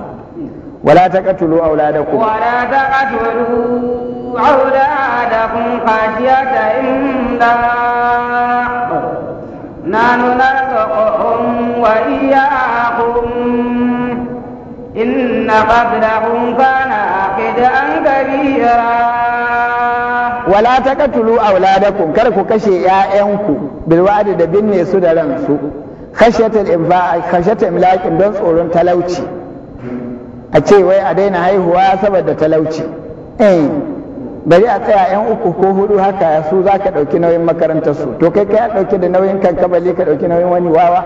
wala taqtulu auladakum wala taqtulu auladakum khashiyata inda nanu narzuquhum wa iyyakum إن قتلهم كان خدعا كبيرا wala ta أولادكم auladakum kar ku kashe بالوعد دبني wa'di da binne su da ransu khashyatul أولون تلوتي أتي don tsoron talauci a ce تلوتي a daina haihuwa talauci eh, bari a tsaya yan uku ko hudu haka su za ka ɗauki nauyin makarantarsu. to kai kai ɗauki da nauyin kanka bali ka ɗauki nauyin wani wawa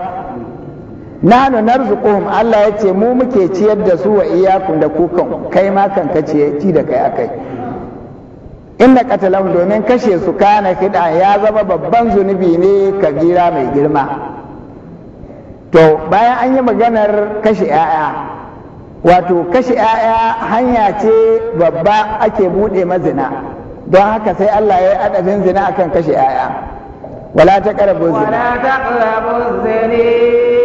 nanu narzuquhum Allah ya ce mu muke ciyar da su wa iyakun da kukan kai ma kan ka ci da kai akai inna qatalahu domin kashe su kana kida ya zama babban zunubi ne kabira mai girma to bayan an yi maganar kashe 'ya'ya wato kashe 'ya'ya hanya ce babba ake bude mazina don haka sai Allah ya yi adabin zina akan kashe 'ya'ya wala ta zina wala taqrabu zina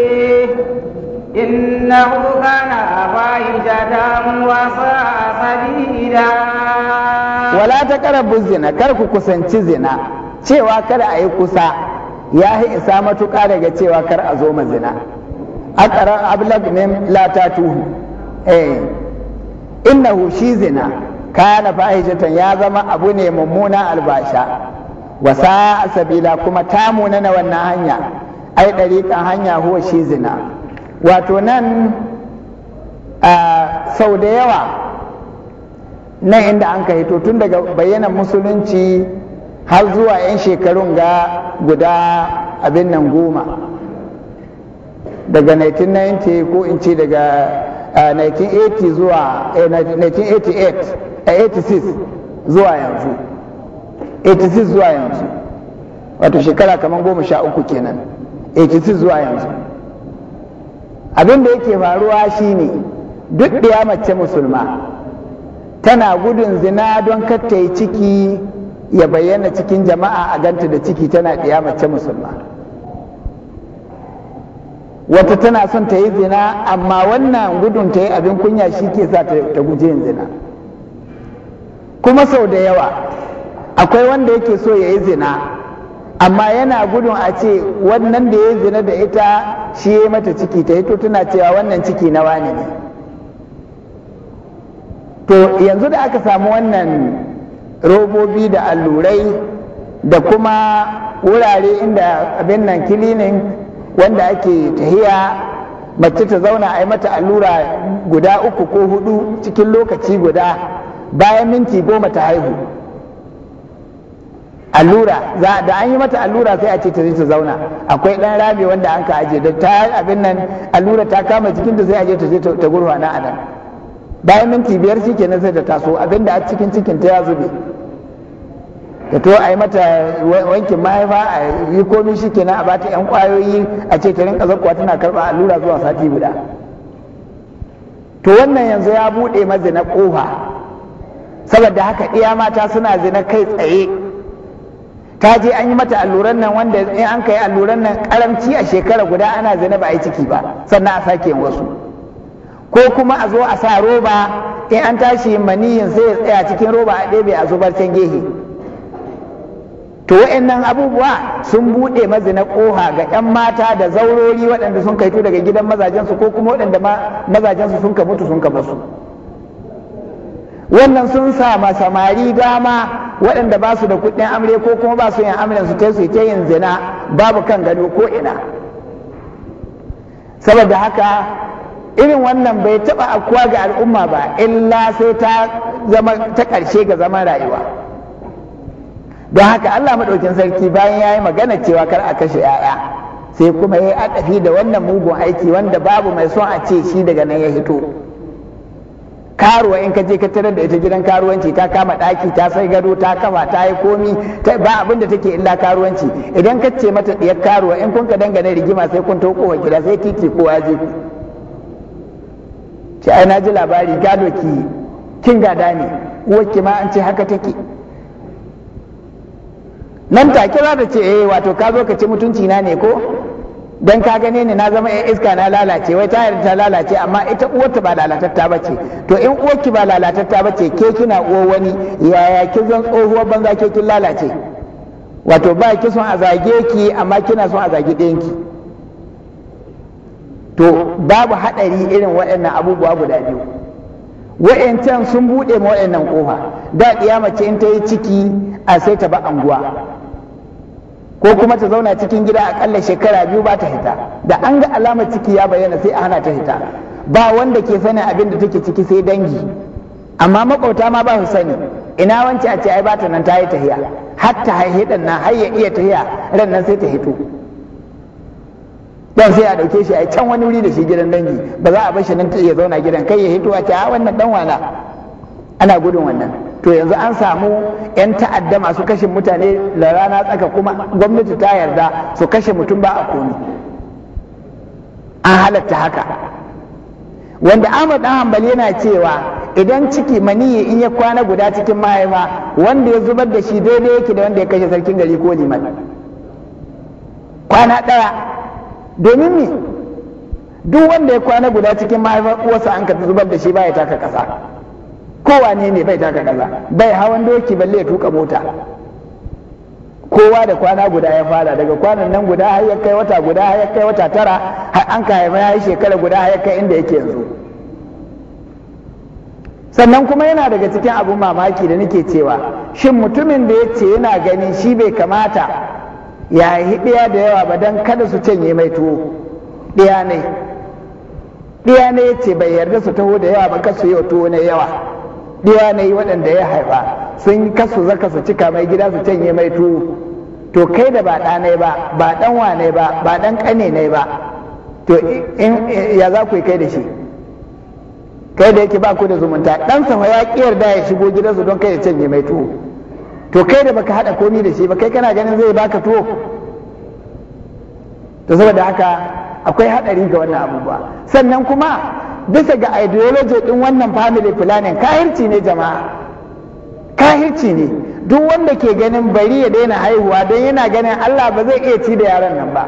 إنه كان فاحشة وساء سبيلا ولا تقربوا الزنا كركو cewa kada a yi kusa ya yi isa matuƙa daga cewa kar a zo zina. a ƙarar ablag min latatuhu eh innahu shi zina kana fahijatan ya zama abu ne mummuna albasha wasa sabila kuma ta munana wannan hanya ai ɗariƙan hanya huwa shi zina wato nan sau da yawa nan inda an ka hito tun daga bayyanan musulunci har zuwa 'yan shekarun ga guda abin nan goma daga 1990 ko in ce daga 1980 zuwa 1988 eh, 86 eh, zuwa yanzu 86 zuwa yanzu wato shekara kamar goma sha uku kenan 86 zuwa yanzu abin da yake faruwa shine duk ɗiya mace musulma tana gudun zina don katta yi ciki ya bayyana cikin jama'a a ganta da ciki tana ɗaya mace musulma wata tana son ta yi zina amma wannan gudun ta yi abin kunya shi ke sa ta guje yin zina kuma sau da yawa akwai wanda yake so ya yi zina amma yana gudun a ce wannan da ya zina da ita shi ya mata ciki ta hito tana cewa wannan ciki na wani ne to yanzu da aka samu wannan robobi da allurai da kuma wurare inda abin nan kilinin wanda ake tahiya mace ta zauna a yi mata allura guda uku ko hudu cikin lokaci guda bayan minti goma ta haihu allura za da an yi mata allura sai a ce ta ta zauna akwai dan rami wanda an ka aje da ta abin nan allura ta kama jikin da sai a je ta je ta gurwa na anan bayan minti biyar kenan sai ta taso abin a cikin cikin ta ya zube da to a yi mata wankin mahaifa a yi komi kenan a bata yan kwayoyi a ce ta rinka zakkuwa tana karba allura zuwa sati guda to wannan yanzu ya bude mazina kofa saboda haka iya mata suna zina kai tsaye Ka je an yi mata alluran nan wanda in an kai alluran nan karamci a shekara guda ana zina ba a yi ciki ba sannan a sake wasu ko kuma a zo a sa roba in an tashi maniyin sai ya tsaya cikin roba a ɗebe a zubar can gehe to wa'annan abubuwa sun buɗe mazina ƙoha ga 'yan mata da zaurori waɗanda sun kaito daga gidan mazajensu ko kuma waɗanda mazajensu sun ka mutu sun ka basu. wannan sun sama samari dama waɗanda ba su da kuɗin amre ko kuma ba su yin amren su kai su ta yin zina babu kan gado ko ina saboda haka irin wannan bai taɓa akuwa ga al'umma ba illa sai ta zama ta ƙarshe ga zaman rayuwa don haka allah maɗaukin sarki bayan ya yi magana cewa kar a kashe 'ya'ya sai kuma ya yi da wannan mugun aiki wanda babu mai son a ce shi daga nan ya hito karuwa in ka je ka tarar da ita gidan karuwanci ta kama ɗaki ta sai gado ta kama ta yi komi ba abin da take illa karuwanci idan ka ce mata ɗiyar karuwa in kun ka dangane rigima sai kun toko wa gida sai titi ko waje Ki ai na ji labari gado ki kin gada ne ki ma an ce haka take nan take za ta ce eh wato ka zo ka ci mutunci na ne ko dan ka gane ni na zama yan iska na lalace wai tayar ta lalace amma ita uwarta ba lalatatta ba ce to in uwarki ba lalatatta ba ce ke kina uwa wani yaya ki zan tsohuwar banza ke kin lalace wato ba ki son a zage ki amma kina son a zage ɗinki to babu haɗari irin waɗannan abubuwa guda biyu wa'yancan sun buɗe ma waɗannan ƙofa da ƙiyama ce in ta yi ciki a sai ta ba anguwa ko kuma ta zauna cikin gida akalla shekara biyu ba ta hita da an ga alamar ciki ya bayyana sai a hana ta hita ba wanda ke sanin abin da take ciki sai dangi amma makwabta ma ba su sani ina wance a ce ai ba ta nan ta yi tahiya har ta haihe dan nan har ya iya tahiya ran nan sai ta hito dan sai a ɗauke shi a can wani wuri da shi gidan dangi ba za a bar shi nan ta iya zauna gidan kai ya hito a ce a wannan dan wana ana gudun wannan to yanzu an samu 'yan ta'adda masu kashe mutane da rana tsaka kuma gwamnati ta yarda su kashe mutum ba a komi an halatta haka wanda ahmad dan hanbali yana cewa idan ciki maniyi in ya kwana guda cikin mahaifa wanda ya zubar da shi daidai yake da wanda ya kashe sarkin gari ko liman kwana ɗaya domin me duk wanda ya kwana guda cikin mahaifa uwarsa an ka zubar da shi baya taka ƙasa Kowa ne bai taka kaza bai hawan doki balle ya tuka mota kowa da kwana guda ya fara daga kwanan nan guda har ya kai wata guda har ya kai wata tara har an ka haifa ya shekara guda har ya kai inda yake yanzu sannan kuma yana daga cikin abun mamaki da nake cewa shin mutumin da ya ce yana gani shi bai kamata ya yi da yawa ba don kada su canye mai tuwo ɗiya ne ɗaya ne ya ce bai yarda su taho da yawa ba kasu yau tuwo na yawa ɗiya na yi waɗanda ya haifa sun kasu zaka su cika mai gida su canye mai tuwo to kai da ba ɗa ba ba ɗan wane ba ba ɗan ƙane ne ba to ya za ku yi kai da shi kai da yake ba ku da zumunta ɗan sama ya ƙi yarda ya shigo gidansu don kai ya canye mai tuwo to kai da baka haɗa komi da shi ba kai kana ganin zai baka tuwo to saboda haka akwai haɗari ga wannan abubuwa sannan kuma bisa ga ideology din wannan family planning kahirci ne jama'a kahirci ne duk wanda ke ganin bari ya daina haihuwa don yana ganin Allah ba zai iya ci da yaran nan ba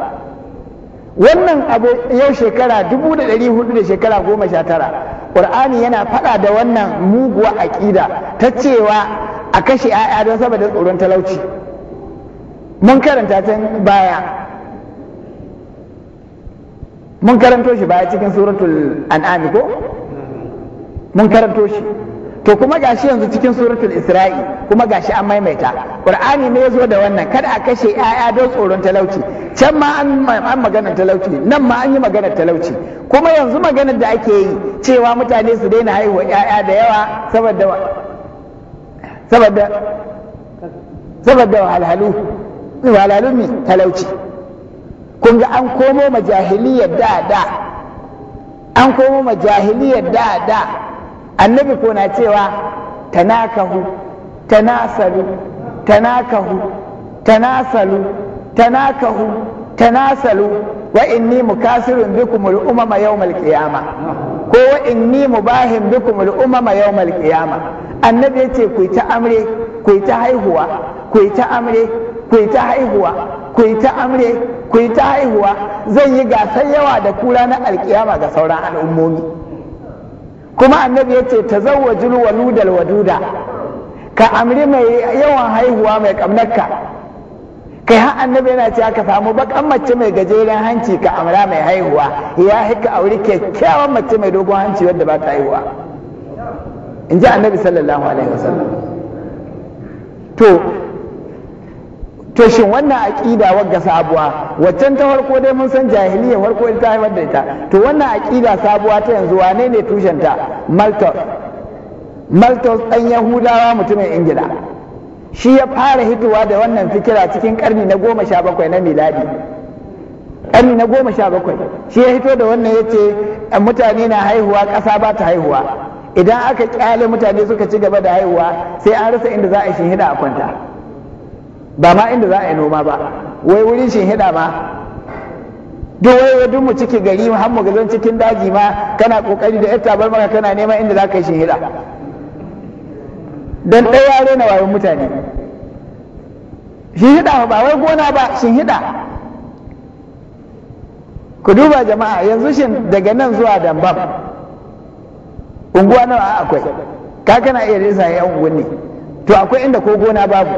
wannan abu yau shekara dubu da ɗari hudu da shekara goma sha tara ƙur'ani yana faɗa da wannan muguwa aƙida ta cewa a kashe 'ya'ya don saboda tsoron talauci mun karanta can baya mun karanto shi baya cikin suratul an'am ko mun karanto shi to kuma gashi yanzu cikin suratul isra'i kuma gashi an maimaita qur'ani ne yazo da wannan kada a kashe yaya don tsoron talauci can ma an magana talauci nan ma an yi magana talauci kuma yanzu maganar da ake yi cewa mutane su daina haihuwa yaya da yawa saboda saboda saboda wahalhalu wahalhalu ne talauci kun ga an komo ma jahiliyar da da an komo ma jahiliyar da da annabi ko na cewa tanakahu tanasalu tanakahu tanasalu tanakahu tanasalu wa inni mukasirun bikum al-umama yawm al-qiyama ko wa inni mubahin bikum al-umama yawm al-qiyama annabi yace ku ta amre ku ta haihuwa ku ta amre ku ta haihuwa ku yi ta amre ku yi ta haihuwa zan yi gasar yawa da kura na alkiyama ga sauran al'ummomi kuma annabi ya ce ta nudal waludal waduda ka amri mai yawan haihuwa mai kamnarka kai har annabi yana ce ka samu bakan mace mai gajeren hanci ka amra mai haihuwa ya haika auri kyakkyawan mace mai dogon hanci wadda ba ta haihuwa in ji annabi sallallahu alaihi wasallam to to shin wannan aqida wagga sabuwa waccan ta farko dai mun san jahiliya farko ita haifar da ita to wannan aqida sabuwa ta yanzu wane ne tushen ta maltos maltos dan yahudawa mutumin ingila shi ya fara hitowa da wannan fikira cikin karni na goma na miladi karni na goma shi ya hito da wannan ya ce mutane na haihuwa ƙasa ba ta haihuwa idan aka kyale mutane suka ci gaba da haihuwa sai an rasa inda za a shi hida a kwanta ba ma inda za a yi noma ba wai wurin shi hida ma duk wai duk mu ciki gari har mu gazon cikin daji ma kana kokari da yatta bar maka kana neman inda za ka yi shi hida dan dai yare na wayan mutane shi hida ba wai gona ba shi hida ku duba jama'a yanzu shin daga nan zuwa dambam unguwa nawa akwai ka kana iya risa ya unguwanni to akwai inda ko gona babu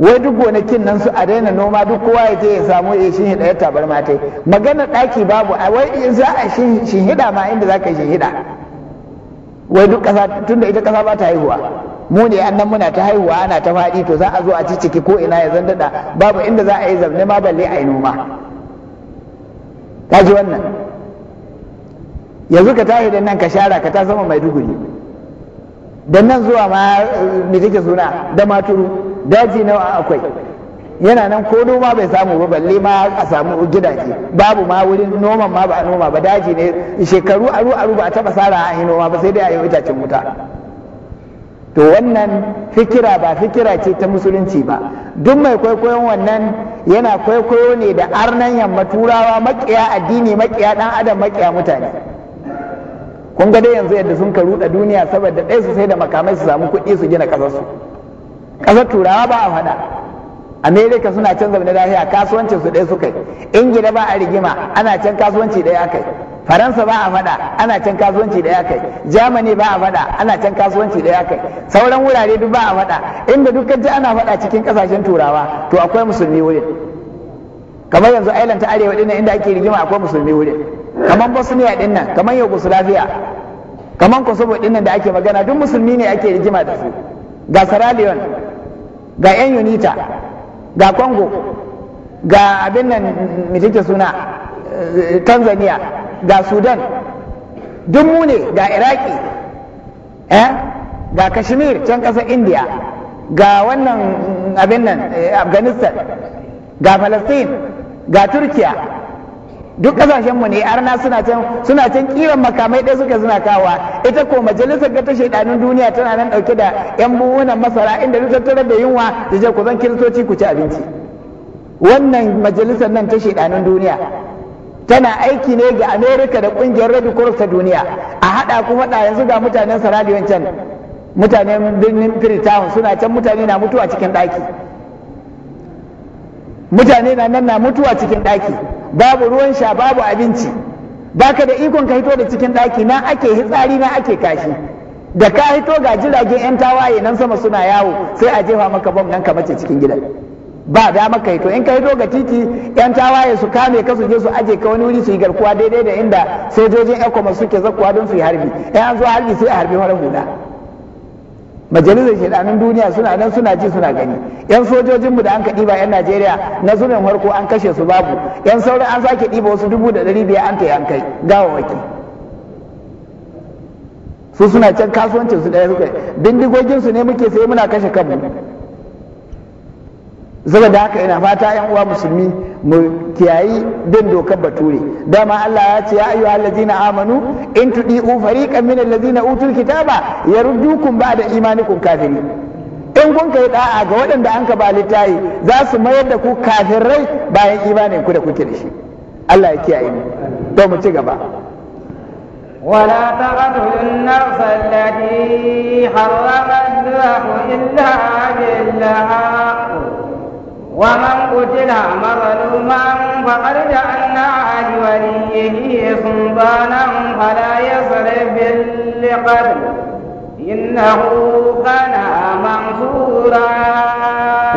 wai duk gonakin nan su a daina noma duk kowa ya je ya samu ya shi hida ya tabar mata magana ɗaki babu a wai za a shi hida ma inda za ka shi hida wai duk ƙasa tunda ita kasa ba ta haihuwa mu ne nan muna ta haihuwa ana ta faɗi to za a zo a ci ko ina ya zandada babu inda za a yi zamne ma balle a yi noma ta ji wannan yanzu ka tashi da nan ka shara ka ta sama maiduguri da nan zuwa ma eh, me take suna da maturu daji nawa akwai yana nan ko noma bai samu ba balle ma a samu gidaje babu ma wurin noman ma ba a noma ba daji ne shekaru aru aru ba a taba sara a noma ba sai dai a yi itacen wuta to wannan fikira ba fikira ce ta musulunci ba duk mai kwaikwayon wannan yana kwaikwayo ne da arnan yamma turawa makiya addini makiya dan adam makiya mutane kun ga dai yanzu yadda sun ka ruɗa duniya saboda ɗaya su sai da makamai su samu kuɗi su gina ƙasarsu su ƙasar turawa ba a faɗa amerika suna can zaune lafiya kasuwancin su ɗaya suka yi ingila ba a rigima ana can kasuwanci ɗaya aka yi faransa ba a faɗa ana can kasuwanci ɗaya aka yi germany ba a faɗa ana can kasuwanci ɗaya aka yi sauran wurare duk ba a faɗa inda dukkan ji ana faɗa cikin kasashen turawa to akwai musulmi wurin kamar yanzu island ta arewa ɗin inda ake rigima akwai musulmi wurin kamar bosnia ɗin nan kamar yugoslavia kamar kosovo ɗin nan da ake magana duk musulmi ne ake rigima da su ga sierra leone ga 'yan unita ga congo ga abin nan mitike suna eh, tanzania ga sudan duk mu ne ga iraki eh ga kashmir can ƙasar india ga wannan abin nan eh, afghanistan ga palestine ga turkiya duk kasashen mu ne arna suna can suna can kiran makamai ɗaya suka suna kawa ita ko majalisar ga ta shaidanin duniya tana nan ɗauke da yan buhunan masara inda duk tattara da yunwa da je ku zan kiristoci ku ci abinci wannan majalisar nan ta shaidanin duniya tana aiki ne ga america da kungiyar red cross ta duniya a haɗa kuma da yanzu ga mutanen saradiyon can mutanen birnin freetown suna can mutane na mutuwa cikin ɗaki mutane na nan na mutuwa cikin ɗaki babu ruwan sha babu abinci baka da ikon ka hito da cikin ɗaki na ake hitsari na ake kashi da ka hito ga jiragen 'yan tawaye nan sama suna yawo sai a jefa maka bom nan ka mace cikin gidan ba da maka hito in ka hito ga titi 'yan tawaye su kame ka su je su aje ka wani wuri su yi garkuwa daidai da inda sojojin ecomas suke zakkuwa don su yi harbi 'yan an zo harbi sai a harbi wani hula majalisar shedanin duniya suna nan suna ji suna gani yan sojojin mu da an ka ɗiba yan najeriya na zubin farko an kashe su babu yan sauran an sake ɗiba wasu dubu da ɗari biyar an ta an kai gawawaki su suna can kasuwancin su ɗaya suka bindigogin su ne muke sai muna kashe kanmu saboda haka ina fata yan uwa musulmi mu kiyayi bin dokar bature dama Allah ya ce ya ayyuha allazina amanu in tudiu fariqan min allazina utul kitaba yaruddukum ba'da imanikum kafirin in kun kai da'a ga waɗanda an ka ba za su mayar da ku kafirai bayan imanin ku da kuke da shi Allah ya kiyaye mu to mu ci gaba ولا تقتلوا النفس التي حرم الله بالحق ومن قتل مظلوما فقد جعلنا عن وليه سلطانا فلا يصرف بالقتل إنه كان منصورا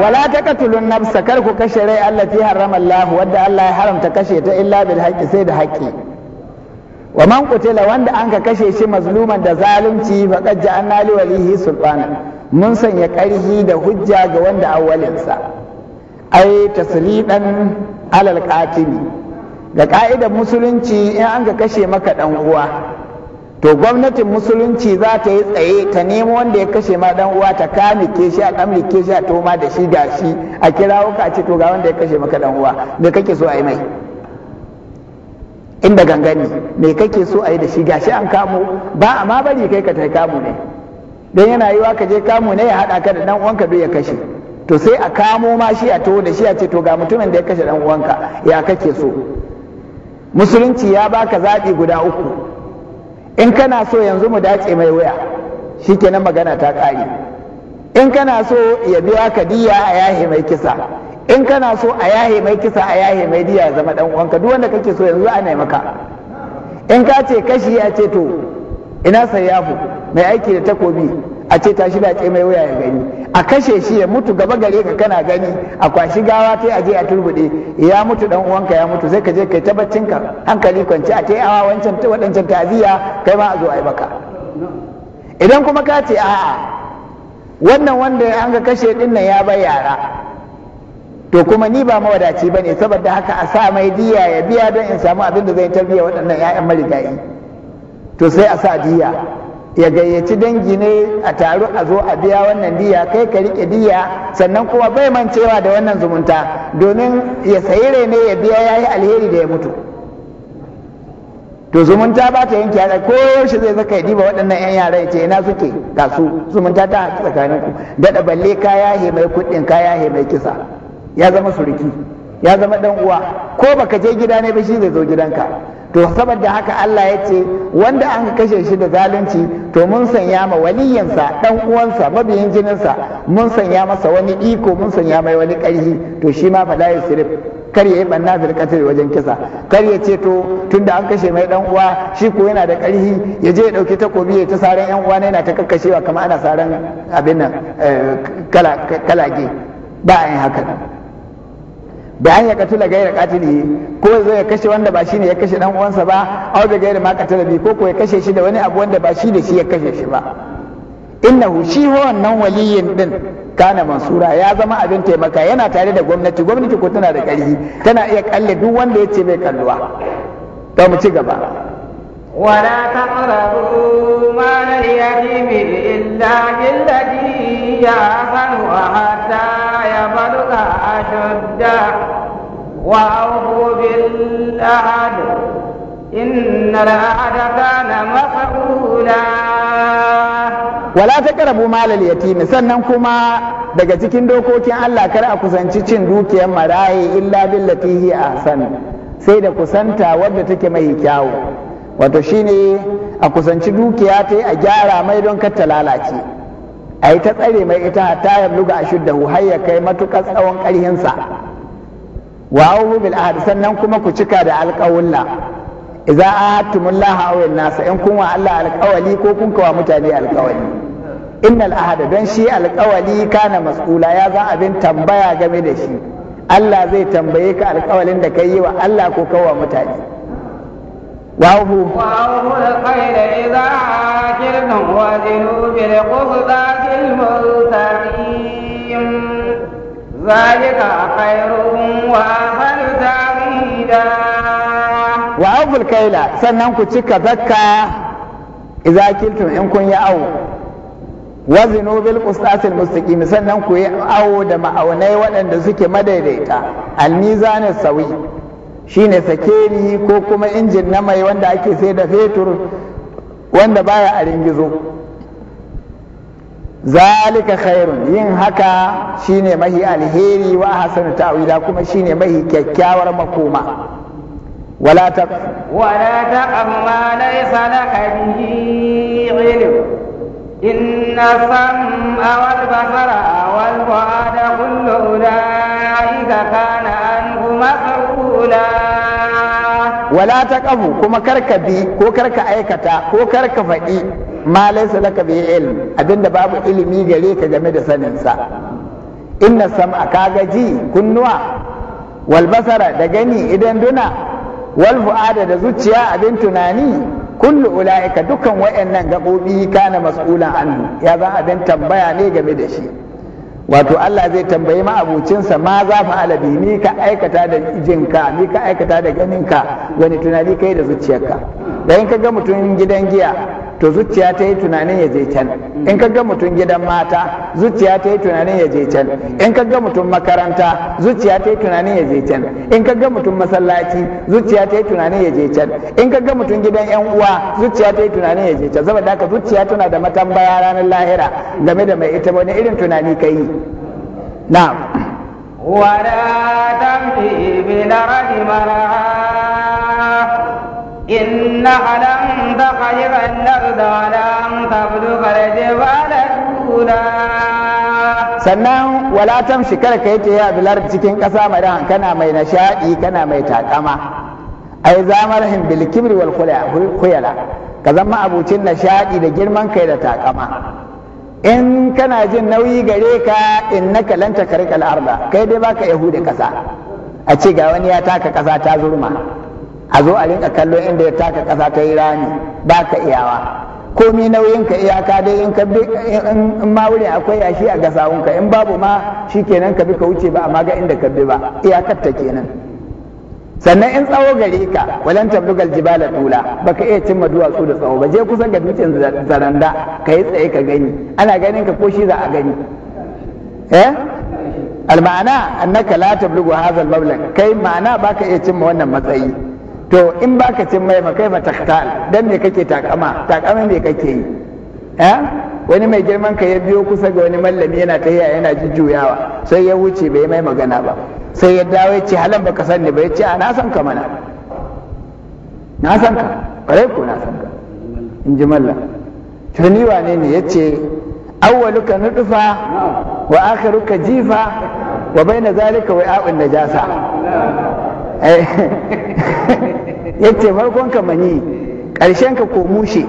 ولا تقتلوا النفس كركو كشري التي حرم الله ودى الله حرم تكشيت إلا بالحق سيد حقي ومن قتل وند أنك كشيش مظلوما دا ظالمتي فقد جعلنا لوليه سلطانا mun sanya ƙarfi da hujja ga wanda awwalinsa ai tasliɗan alal qatili ga ƙa'idar musulunci in an ga kashe maka ɗan uwa to gwamnatin musulunci za ta yi tsaye ta nemo wanda ya kashe ma ɗan uwa ta kamike shi a kamike shi a toma da shi da shi a kira wuka ce to ga wanda ya kashe maka ɗan uwa me kake so a yi mai inda gangani me kake so a yi da shi ga shi an kamo ba amma bari kai ka tai kamo ne don yana yiwa ka je kamo ne ya haɗa ka da ɗan uwanka duk ya kashe to sai a kamo ma shi a taho da shi a ce to ga mutumin da ya kashe dan uwanka ya kake so musulunci ya baka zaɓi guda uku in kana so yanzu mu dace mai waya shikenan magana ta ƙare in kana so ya biya ka diya a yahe mai kisa in kana so a yahe mai kisa a yahe mai diya ya zama dan uwanka duk wanda kake so yanzu ana maka in ka ce kashi ya ce to ina sayafu? mai aiki da takobi a ce tashi da ke mai wuya ya gani a kashe shi ya mutu gaba gare ka kana gani a kwashi gawa ta aje a turbude ya mutu dan uwanka ya mutu sai ka je kai tabbacin ka hankali kwance a ta awa wancan wadancan taziya kai ma a zo ai baka idan kuma ka ce a'a wannan wanda an ga kashe din nan ya bar yara to kuma ni ba mawadaci ba ne saboda haka a sa mai diya ya biya don in samu abin da zai tarbiya waɗannan 'ya'yan marigayi to sai a sa diya ya gayyaci dangi ne a taru a zo a biya wannan diya kai ka rike diya sannan kuma bai mancewa da wannan zumunta domin ya sayi rene ya biya ya yi alheri da ya mutu to zumunta ba ta yanke hada ko shi zai zaka yi diba waɗannan 'yan yara ya ce ina suke su zumunta ta haƙi tsakanin ku daɗa balle kaya he mai kuɗin kaya he mai kisa ya zama suriki ya zama ɗan uwa ko baka je gida ne ba shi zai zo gidanka to saboda haka Allah ya ce wanda an kashe shi da zalunci to mun sanya ma waliyansa dan uwansa mabiyin jininsa mun sanya masa wani iko mun sanya mai wani ƙarfi to shi ma fa la sirif. kar ya yi banna fil qatl wajen kisa kar ya ce to tunda an kashe mai dan uwa shi ko yana da ƙarfi ya je ya dauki takobi ya ta saran yan uwa yana ta kakkashewa kamar ana saran abin nan eh, kalage ba a yin haka da an ya katula gaira katili ko zai ya kashe wanda ba shi ne ya kashe dan uwansa ba aw da gaira ma katala bi ko ko ya kashe shi da wani abu wanda ba shi da shi ya kashe shi ba innahu shi wannan waliyin din kana mansura ya zama abin taimaka yana tare da gwamnati gwamnati ko tana da ƙarfi tana iya kalle duk wanda ya ce mai kalluwa to mu ci gaba ولا تقربوا مال اليتيم illa بالتي ya أحسن الخلق أشده وأوفوا بالعهد إن العهد كان مفعولا ولا تقربوا مال اليتيم sannan kuma daga cikin dokokin Allah kar a kusanci cin dukiyar maraye illa billati hi ahsan sai da kusanta wadda take mai kyawu wato shine a kusanci dukiya ta a gyara mai don kar ta lalace a yi ta tsare mai ita a ta luga a shudda har ya kai matuƙar tsawon ƙarhinsa wa auhu bil ahad sannan kuma ku cika da alƙawulla idza ahatumullaha aw nasa in kun wa Allah alƙawali ko kun kawa mutane alƙawali innal ahada don shi alƙawali, kana mas'ula ya za abin tambaya game da shi Allah zai tambaye ka alƙawalin da ka yi wa Allah ko kawa mutane وأوفوا وأوفوا الخيل إذا عاكلتم وزنوا بالقصدات المستقيم ذلك خير وأحسن تعبيدا وأوفوا الكيل سننكو تشيكا ذكا إذا كلتم إن كن يأو wazinu bil qistasil mustaqim sannan ku yi awo da ma'aunai waɗanda suke madaidaita al mizan sawi shine sakeli ko kuma injin na mai wanda ake sai da fetur wanda baya a ringizo zalika khairun yin haka shine mahi alheri wa ahsanu ta'wila kuma shine mahi kyakkyawar makoma wala ta wala ta amma laysa laka bihi ilm inna sam'a wal basara wal fu'ada kullu ulaika kana wala ta ƙafu kuma karka bi ko karka aikata ko karka faɗi ma laisa laka bi ilmi abinda babu ilimi gare ka game da saninsa inna sam'a ka gaji kunnuwa wal basara da gani idan duna wal fu'ada da zuciya abin tunani kullu ula'ika dukan wayannan gabobi kana mas'ulan anhu ya zan abin tambaya ne game da shi wato Allah zai tambayi ma'abucinsa ma za fa alabi ni ka aikata da jinka ni ka aikata da ganinka wani tunani kai da zuciyarka da in ka ga mutum gidan giya to zuciya ta yi tunanin ya je can in ka ga mutum gidan mata zuciya ta yi tunanin ya je can in ka ga mutum makaranta zuciya ta yi tunanin ya je can in ka ga mutum masallaci zuciya ta yi tunanin ya je can in ka ga mutum gidan yan uwa zuciya ta yi tunanin ya je can saboda haka zuciya tana da matambaya ranar lahira game da mai ita wani irin tunani ka yi na'am ولا تمشي بالأرض in إنك لن تخرب sannan wala shikar ka yi ya bilar cikin ƙasa mai dan kana mai nashaɗi, kana mai takama ai zamarhin bil kibri wal khuyala ka zama abucin nashaɗi da girman kai da takama in kana jin nauyi gare ka innaka lan takrika al arda kai dai baka yahudi ƙasa a ce ga wani ya taka ƙasa ta zurma a zo a rinka kallo inda ya taka ƙasa ta yi rami ba ka iyawa komi nauyin ka iyaka dai in ka bi in ma wuri akwai yashi a gasawunka in babu ma shi kenan ka bi ka wuce ba amma ga inda ka bi ba iyakar ta kenan sannan in tsawo gare ka walan tabdugal jibala tula baka iya cimma duwatsu da tsawo ba je kusa ga dutsen zaranda ka yi tsaye ka gani ana ganin ka ko shi za a gani eh al ma'ana annaka la tablughu hadha al mablagh kai ma'ana baka iya cimma wannan matsayi to in baka cin mai kai kaifa dan me kake takama takama me kake yi eh wani mai girman ka ya biyo kusa ga wani mallami yana ta yaya yana jujjuyawa sai ya wuce bai mai magana ba sai ya dawo ya ce halan baka san ni ba ya ce a na san ka mana na san ka bare ko na san ka in ji mallam to ni wane ne yace awwaluka nudufa wa akhiruka jifa wa baina zalika wa'a'un najasa Eh. ce farkon kamani ƙarshen ka ko mushe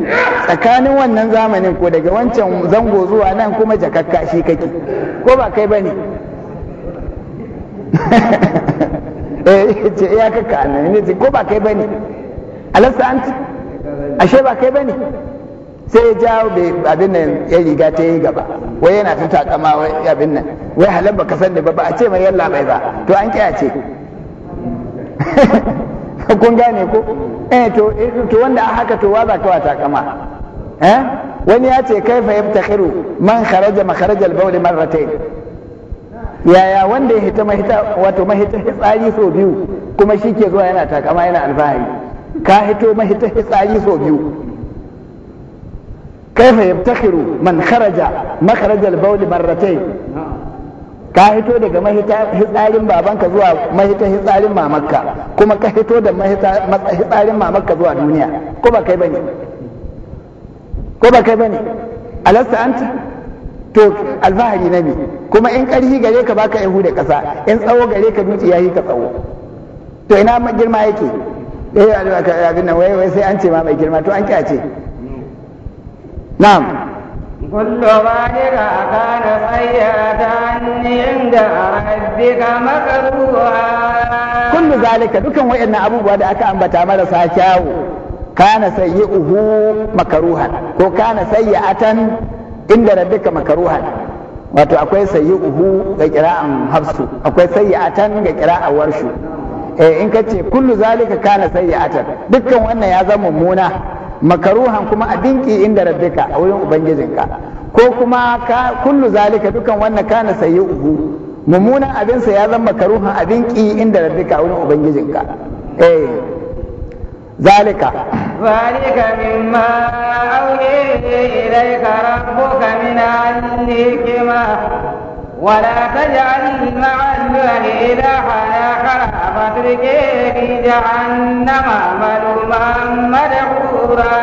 tsakanin wannan zamanin ko daga wancan zango zuwa nan kuma jakakka shi kake ko ba kai ba ne? Eh, ce ya kakka annabi ne ko ba kai ne alasta ci ashe ba kai ba ne? sai ya jawo abin nan ya riga ta yi gaba wai yana ta takama wai abin nan wai ba ka san da ba ba a ce mai yalla mai ba to an kiyace kun gane ko eh to eh, to wanda haka to waza za ka wata kama eh wani ya ce kaifa yaftakhiru man kharaja makharaj al-bawl marratayn yaya wanda ya hita mahita wato mahita hitsari so biyu kuma shi ke zuwa yana takama yana alfahari ka hito mahita hitsari so biyu kaifa yaftakhiru man kharaja makharaj al-bawl marratayn ka hito daga mahita hitsarin babanka zuwa mahita hitsarin mamakka kuma ka hito da mahita hitsarin mamakka zuwa duniya ko ba kai bane ko ba kai bane alasta anti to alfahari na me kuma in karhi gare ka baka ihu da kasa in tsawo gare ka dutse yayi ka tsawo to ina girma yake eh abin nan wai wai sai an ce ma mai girma to an kyace na'am كل ذلك كان سيئة عند ربك مكروها كل ذلك دكان وإن أبو بعد أكا أنبتا مرسا شاو كان سيئه مكروها وكان سيئة عند ربك مكروها wato akwai sayyuhu ga kira'an hafsu akwai sayyatan ga kira'an warshu eh in kace kullu zalika kana sayyatan dukkan wannan ya zama mummuna makaruhan kuma a dinki inda rabbika a wurin ubangijinka ko kuma ka kullu zalika dukan wannan kana sayyi'uhu mummunan abinsa ya zama makaruhan a dinki inda rabbika a wurin ubangijinka eh zalika ذلك مما أوحي إليك ربك من ولا تجعل مع الله إلها آخر فاتركه في جهنم ملوما مدحورا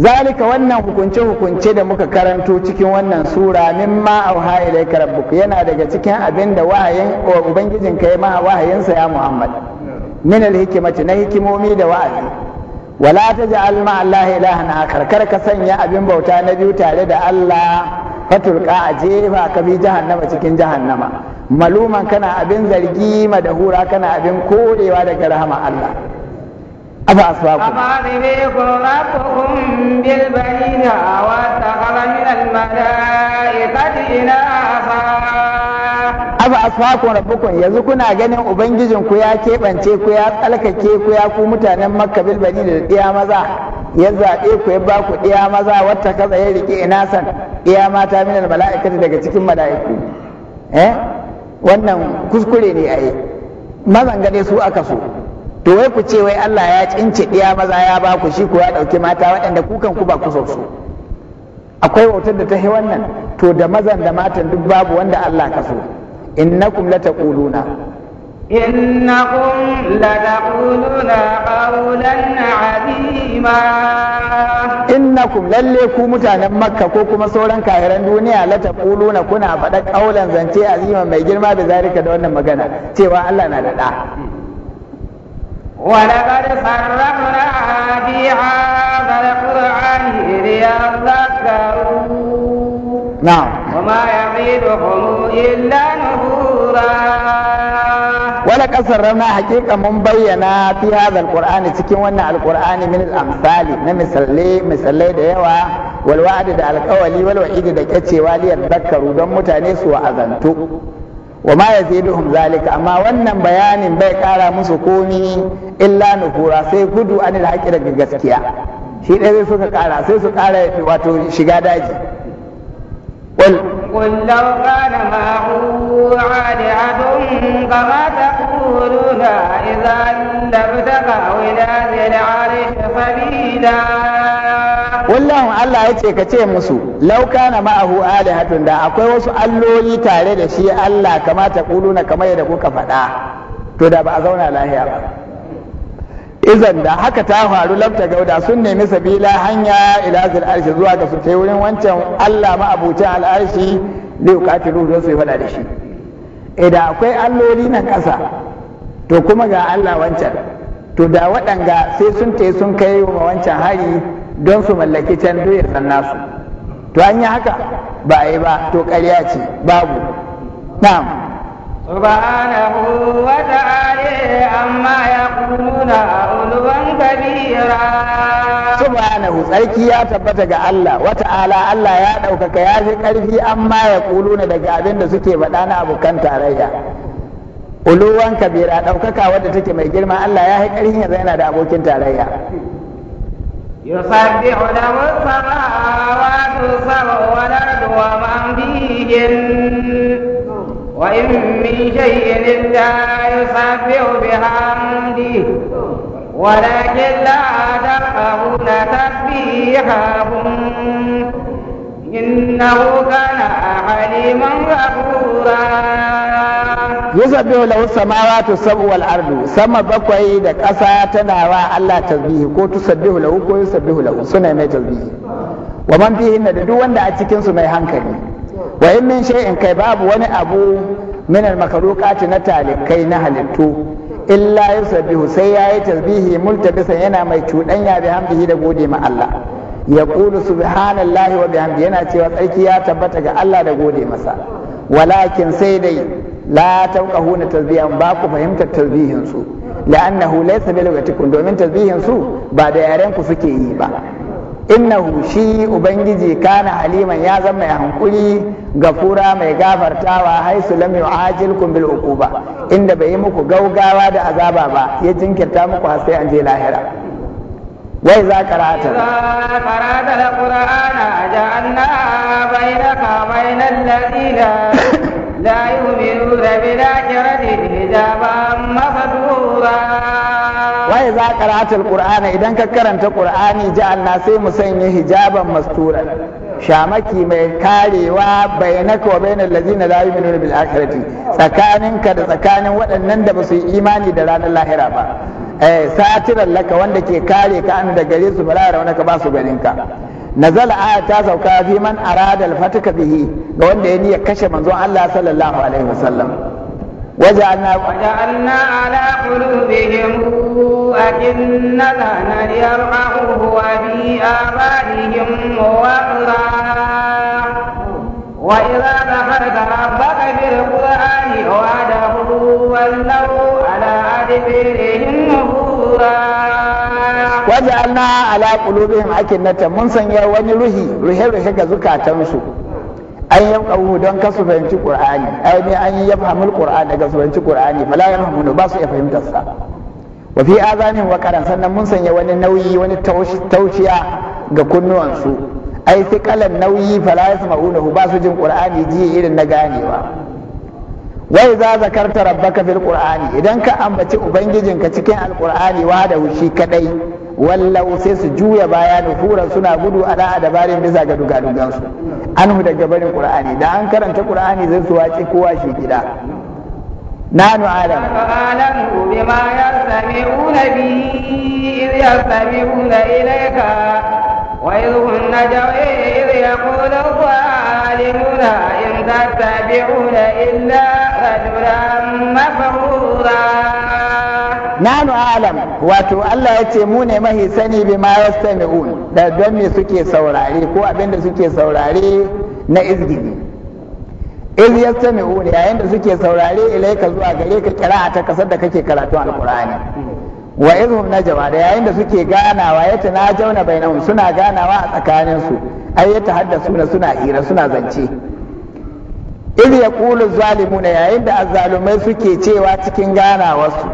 ذلك wannan hukunce-hukunce da muka karanto cikin wannan sura mimma auha ilaika rabbuk yana daga cikin abin da wahayin ubangijinka ya ma wahayinsa ya Muhammad min al-hikmati na hikimomi da wa'azi wala ta ji alma Allah ilahan akar kar ka sanya abin bauta na biyu tare da Allah fatulka a jefa ka bi jahannama cikin jahannama maluman kana abin zargi madahura kana abin korewa daga rahama Allah afa asbaku afaribikum rabbukum bil banina wa taqala min al malaikati ina asfakun rabbukun yanzu kuna ganin ubangijin ku ya keɓance ku ya tsalkake ku ya ku mutanen makka bil bani da ɗiya maza ya zaɓe ku ya ba ku ɗiya maza wata kaza ya rike san ɗiya mata minal mala'ikati daga cikin mala'iku eh wannan kuskure ne a mazan gane su aka so to wai ku ce wai Allah ya cince ɗiya maza ya ba ku shi ku ya ɗauki mata waɗanda kukan ku ba ku so su akwai wautar da ta wannan to da mazan da matan duk babu wanda Allah ka so innakum lataquluna innakum lataquluna qawlan azima innakum lalle ku mutanen makka ko kuma sauran kahiran duniya lataquluna kuna faɗa ƙaulan zance azima mai girma da zarika da wannan magana cewa Allah na da da ولقد صرفنا في هذا القرآن ليذكروا نعم wala kasar إلا نفورا ولقد صرفنا حقيقة من بينا cikin wannan alkur'ani min al na misalai da yawa wal da alkawali wal da kacewa liyar yadhakkaru don mutane su wa'azantu wa ma duhun zalika amma wannan bayanin bai kara musu komi illa nufura sai gudu anil haqqi daga gaskiya shi dai suka kara sai su kara wato shiga daji قل قل لو كان معه آلهة كما تقولون إذا لابتغوا إلى ذي العرش سبيلا wallahu Allah ya ce kace musu lauka na ma'ahu alihatun da akwai wasu alloli tare da shi Allah kamata kuluna kamar yadda kuka faɗa to da ba a zauna lahiya ba izan da haka ta faru lafta gauda sun nemi sabila hanya ila zil arshi zuwa ga su wurin wancan Allah ma'abucin al'arshi zai katilu don su yi fada da shi idan akwai alloli na kasa to kuma ga Allah wancan to da waɗanga sai sun tai sun kai wa wancan hari don su mallaki can doyar san nasu to an yi haka ba a yi ba to ƙarya ce babu na'am سبحانه وتعالى عما يقولون علوا كبيرا subhanahu tsarki ya tabbata ga Allah wata ala Allah ya ɗaukaka ya fi ƙarfi amma ya na daga abin da suke baɗa na abokan tarayya uluwan kabira ɗaukaka wadda take mai girma Allah ya fi ƙarfi yanzu yana da abokin tarayya يسبح له السماوات السبع والأرض ومن فيهن وإن من شيء إلا يصفر بحمده ولكن لا تفقهون تسبيحهم إنه كان حليما غفورا yusabbihu lahu samawati sab'u wal ardu sama bakwai da ƙasa tana wa Allah tasbihi ko tusabbihu lahu ko yusabbihu lahu suna mai tasbihi wa man fihi da duk wanda a cikin su mai hankali wa in min kai babu wani abu min al makarukati na talikai na halittu illa yusabbihu sai ya yi tasbihi multabisan yana mai cuɗanya bi hamdihi da gode ma Allah ya qulu subhanallahi wa bihamdi yana cewa tsarki ya tabbata ga Allah da gode masa walakin sai dai la na tasbihan ba ku fahimtar tasbihin su la'annahu laysa bi lugatikum domin tarbihin su ba da yaren ku suke yi ba innahu shi ubangiji kana haliman ya zama ya hankuri gafura mai gafartawa haisu lam yu'ajilkum bil uquba inda bai yi muku gaugawa da azaba ba ya jinkirta muku har sai an je lahira wai za karata karata alqur'ana ja'alna bainaka bainal ladina la yu'minuna bil akhirati hijaban masdura wai za karata alqur'ana idan ka karanta qur'ani ja'alna sai mu sanya hijaban masturan shamaki mai karewa bayanaka na bainal ladina la yu'minuna bil akhirati tsakaninka da tsakanin waɗannan da ba su yi imani da ranar lahira ba eh satiran laka wanda ke kare ka an da gare su bala rauna ka ba su ganin ka nazala aya ta sauka fi man arada al fataka bihi ga wanda ya niyya kashe manzon Allah sallallahu alaihi wasallam وجعلنا وجعلنا على قلوبهم أكنة أن يرقعوه وفي آبائهم وقرا وإذا دخلت ربك في القرآن وعده ولوا على أدبرهم نفورا وجعلنا على قلوبهم أكنة من سنيا وني رهي رهي رهي كزكاة نسوه an yi yafqahu don kasu fahimci ƙur'ani. ai ne an yafhamul ƙur'ani daga su fahimci ƙur'ani. fala yafhamunu ba su ya fahimtar sa wa fi azanin wa karan sannan mun sanya wani nauyi wani taushiya ga kunnuwansu ai fi kalan nauyi fala yasma'unahu ba su jin ƙur'ani ji irin na ganewa wai za zakarta rabbaka fil qur'ani idan ka ambaci ubangijinka cikin alqur'ani wa da shi kadai wallau sai su juya baya nufuran suna gudu a da'a dabarin bisa ga dugadugan su anhu daga barin qur'ani da an karanta qur'ani zai su wace kowa shi gida نحن أعلم أعلم بما يستمعون به إذ يستمعون إليك وإذ هم إذ يقول الظالمون نتبعون إلا رجلا nanu alam wato Allah ya ce mu ne mahi sani bi ma yastami'un da don me suke saurare ko abinda suke saurare na izgini iz yastami'un yayin da suke saurare ilaika zuwa gare ka kira'a ta kasar da kake karatu alqur'ani wa izhum najwa da yayin da suke ganawa yata tana jauna bainahum suna ganawa a tsakaninsu ai ya tahaddasu suna hira suna zance idh yaqulu zalumuna, yayin da azzalumai suke cewa cikin ganawarsu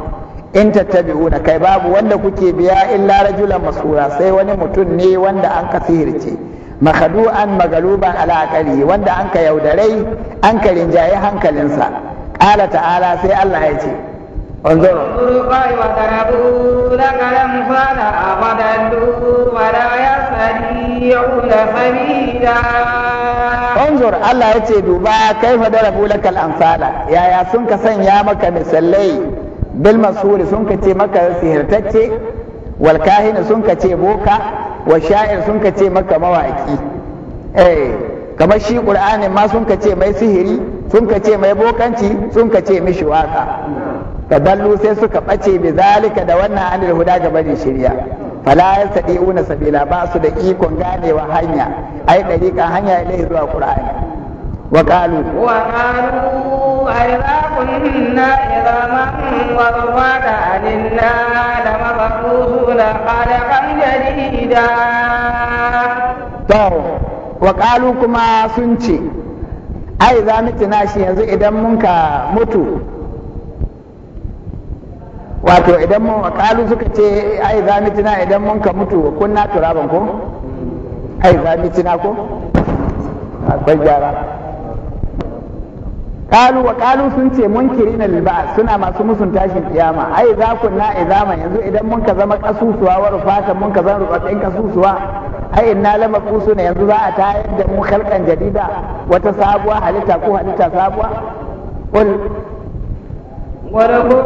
in tattabi'una kai babu wanda kuke biya illa rajulan masura sai wani mutum ne wanda an ka sihirce makhadu'an magaluban ala wanda an ka yaudarai an ka rinjaye hankalinsa qala ta'ala sai Allah ya ce انظروا وضربوا لك الأمثال فضلوا ولا يستطيعون سبيلا انظر الله يتي دوبا كيف ضربوا لك الأمثال يا يا سنك سن يا مكة مثلي بالمسؤول سنك تي مكة سهرتك والكاهن سنك تي بوكا والشاعر سنك تي مكة مواعكي eh kamar shi ƙur'anin ma sun ka ce mai sihiri sun ka ce mai bokanci sun ka ce mishi waka fadallu sai suka ɓace bi zalika da wannan anil huda ga bari shirya fala yastadi'una sabila ba su da ikon ganewa hanya ai dariƙa hanya ilai zuwa qur'ani wa qalu wa qalu ayza kunna man wa rawada aninna la mabusuna khalaqan jadida to wa qalu kuma sun ce ai za mu tuna shi yanzu idan mun ka mutu wato idan mun kalu suka ce ai za mu mitina idan mun ka mutu kunna turaban ko ai za mu mitina ko akwai gyara kalu wa kalu sun ce mun kirina lilba suna masu musun tashin kiyama ai za ku na izama yanzu idan mun ka zama kasusuwa wa rufata mun ka zama in kasusuwa ai inna lama kusuna yanzu za a tayar da mu halkan jadida wata sabuwa halitta ko halitta sabuwa wadkuru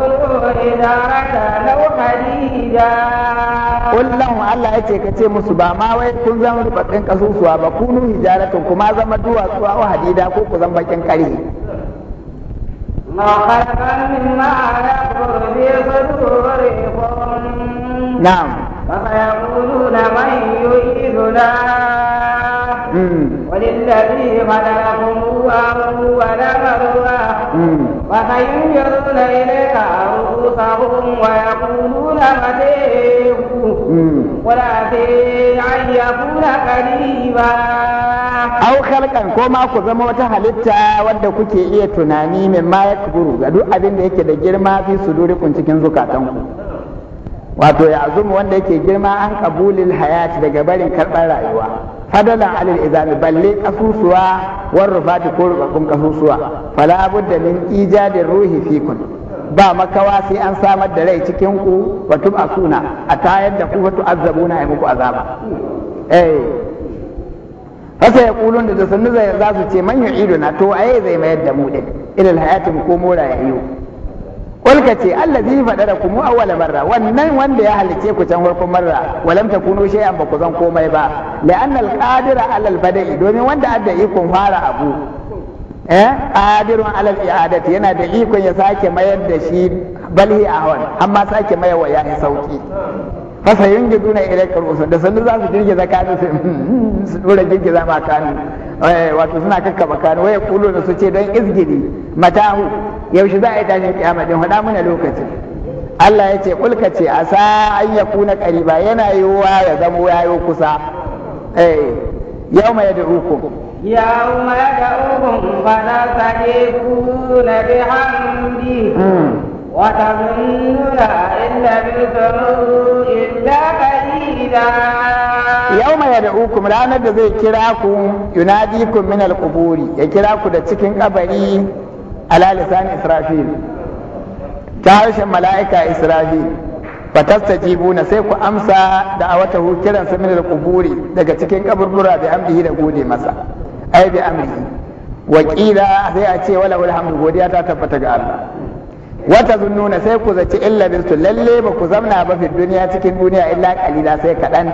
kullum Allah ya ce ka ce musu ba ma wai kun zama rubabbin kasusuwa ba kunu hijaratun kuma zama duwatsu a hadida ko ku zama bakin kare نعم فسيقولون من يعيدنا وللذي خلقكم هو أول مرة فسينجرون إليك رؤوسهم ويقولون متيه ولكن أن يكون قريبا Au halkan ko ma ku zama wata halitta wadda kuke iya tunani mai ma ya duk abin da yake da girma fi sudurikun cikin zukatanku. wato ya azumi wanda yake girma an kabulil hayati daga barin karɓar rayuwa fadala alil izami balle kasusuwa war rufati ko rubabbun kasusuwa fala budda min ijadin ruhi fikun ba makawa sai an samar da rai cikin ku wa suna, a tayar da ku fa tu'azzabuna ay muku azaba eh ya kulun da sannu za su ce man yu'iduna to ai zai mayar da mu din ilal hayatin ko mora ya yiwu kulka ce allazi da kumu awwala marra wannan wanda ya halice ku can farkon marra walam takunu shay'an ba ku zan komai ba la'annal qadira alal bada'i domin wanda adda ikon fara abu eh qadirun alal i'adati yana da ikon ya sake mayar da shi balhi ahwan amma sake mayar wa ya sauki fasa yin gidu na ilaikar usul da sannu za su girgiza kanu hmm, hmm, su dora girgiza zama kanu eh, wato suna kakka bakanu waya kulo da su ce don izgiri matahu yaushe za a yi tashin kiyama din faɗa mana lokaci Allah ya ce kulka ce a sa an ya kuna kariba yana yiwuwa ya ya yi kusa yau mai da uku يوم يدعوهم فلا تجيبون بحمده yauma ya da uku ranar da zai kira ku yunadikum min al ya kira ku da cikin kabari alalisan israfil ta harshen mala'ika israfil fa buna. sai ku amsa da wata kiran su min al daga cikin kaburbura bi amrihi da gode masa ai bi amri wakila sai a ce wala wal godiya ta tabbata ga Allah wata zunnuna sai ku zaci illa bistu lalle ba ku zamna ba fi duniya cikin duniya illa kalila sai kaɗan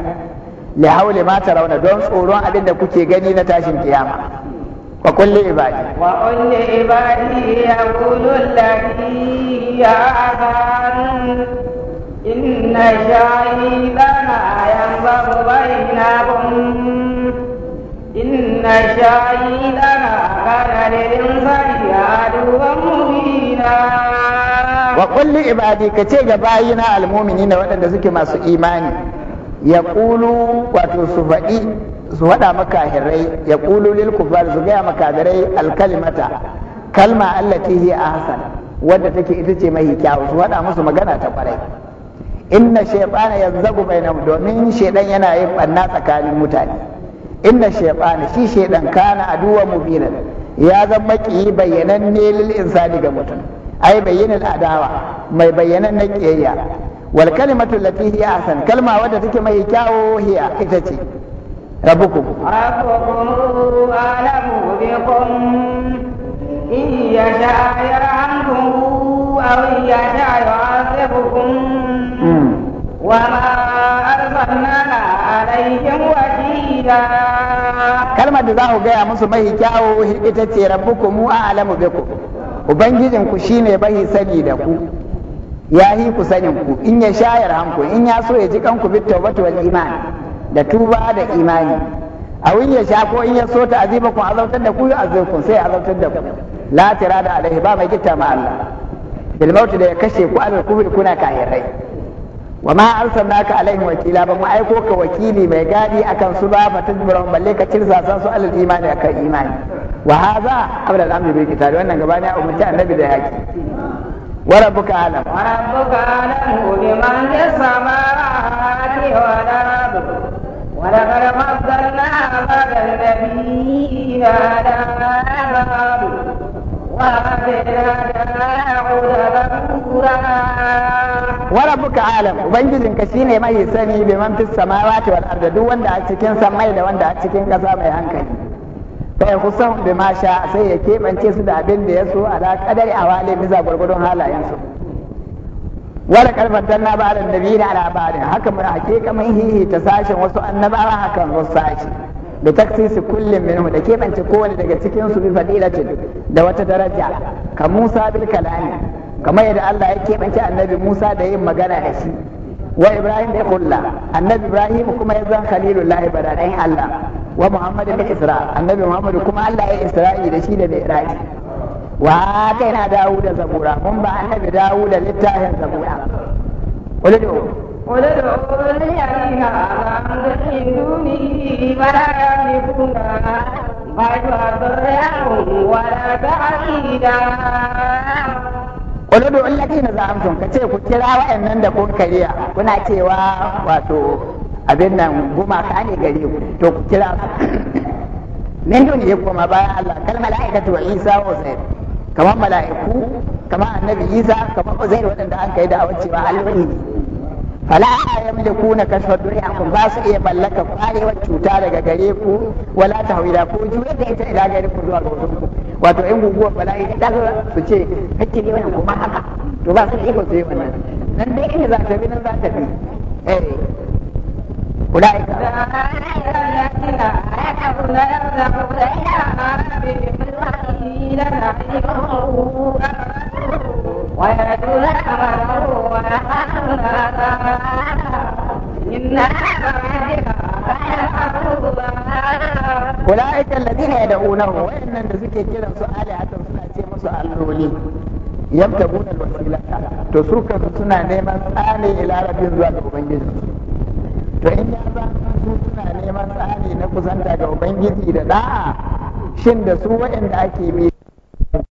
li haule ma rauna don tsoron abin da kuke gani na tashin kiyama wa kulli ibadi wa kulli ibadi yaqulu allazi ya'an inna shaytana yanzabu bainakum wa kulli ibadi عدوا ga وقل لعبادي كتير na waɗanda suke masu imani ya يقولوا su faɗa makahirai ya ƙulu lil kufar su gaya makahirai alkalimata kalma allati hi ahsan wadda take ita ce mai kyawu su faɗa musu magana ta kwarai inna shaytana yanzagu bainahum domin shaytan yana yin banna tsakanin mutane inna shaytan shi shaydan kana aduwa mubina ya zama ki bayyananne lil insani ga mutum ai bayyanal adawa mai bayyanan na kiyayya wal kalimatu lati hiya ahsan kalma wadda take mai kyawo hiya ita ce rabbukum rabbukum alamu bikum in yasha yarhamkum aw yasha yu'adhibukum hmm. wa ma arsalnaka alaihim wakila kalmar da za ku gaya musu mai kyawo ita ce rabbukum mu a alamu biku ubangijin ku shine bai sani da ku ya yi ku sanin ku in ya shayar hanku in ya so ya ji kanku bi tawbatu wal iman da tuba da imani a wun ya sha ko in ya so ta aziba ku azautar da ku ya azautar sai azautar da ku la tirada alaihi ba mai gitta ma Allah bil mautu da ya kashe ku al kubri kuna kahirai وما أرسلناك عليهم وكيلا بما أيكوك وكيلي ما يقالي أكن سبا فتجبرهم بل لك ترزا سؤال الإيمان أكا إيمان وهذا قبل الأمر بالكتاب وأن قباني أو متى النبي ذهك وربك أعلم وربك أعلم بمن في السماوات والأرض ولقد فضلنا بعض النبيين على بعض وغفرنا جميع عذاب warabuka rabbuka alam ubangijinka shine mai sani bi man fis samawati wal ardi duk wanda a cikin samai da wanda a cikin kasa mai hankali fa yakhusahum bima sha sai ya keɓance su da abin da yaso ala a awali bisa gurgudun halayen su wala karfatan na ba da nabiyina ala ba'din haka mun ka mun hihi ta sashin wasu annabawa hakan wasu sashi da taksisi kullum minhu da kebance kowane daga cikin su bi fadilatin da wata daraja ka Musa bil kalami kamar yadda Allah ya keɓance annabi Musa da yin magana da shi wa Ibrahim da kulla annabi Ibrahim kuma ya zan khalilullah baradan Allah wa Muhammad da Isra annabi Muhammad kuma Allah ya Isra'i da shi da Mi'raj wa kaina Dawud da Zabura mun ba annabi Dawud da littafin Zabura wala da قل ادعوا الذين زعمتم من دونه ولا يملكون غير ضرهم ولا تعيدا wani domin lafi na amsun ka ce ku kira wa'annan da kun kariya kuna cewa wato abin nan gumaka ne gare ku to ku kira su min ya koma bayan Allah kal mala'ikatu wa Isa wa Uzair kamar mala'iku kamar annabi Isa kamar Uzair waɗanda an kai da awancewa alwani ne fala yamlikuna kashfa dur'ikum ba su iya ballaka kwarewar cuta daga gare ku wala ta tahwila ko juya da ita ila gare ku zuwa wato in guguwar bala'i ta daga su ce hakki ne wannan kuma haka to ba su iko su yi wannan nan dai ina za ta bi nan za ta bi eh أولئك الذين ya لا Wa a hankowa a hankala, da magana kayan saurawa. ce musu al'umma wani yamta butal zuwa gaban in ya sa suna neman tsane na kusan daga ban da za'a. Shin da su wa'yan ake bi.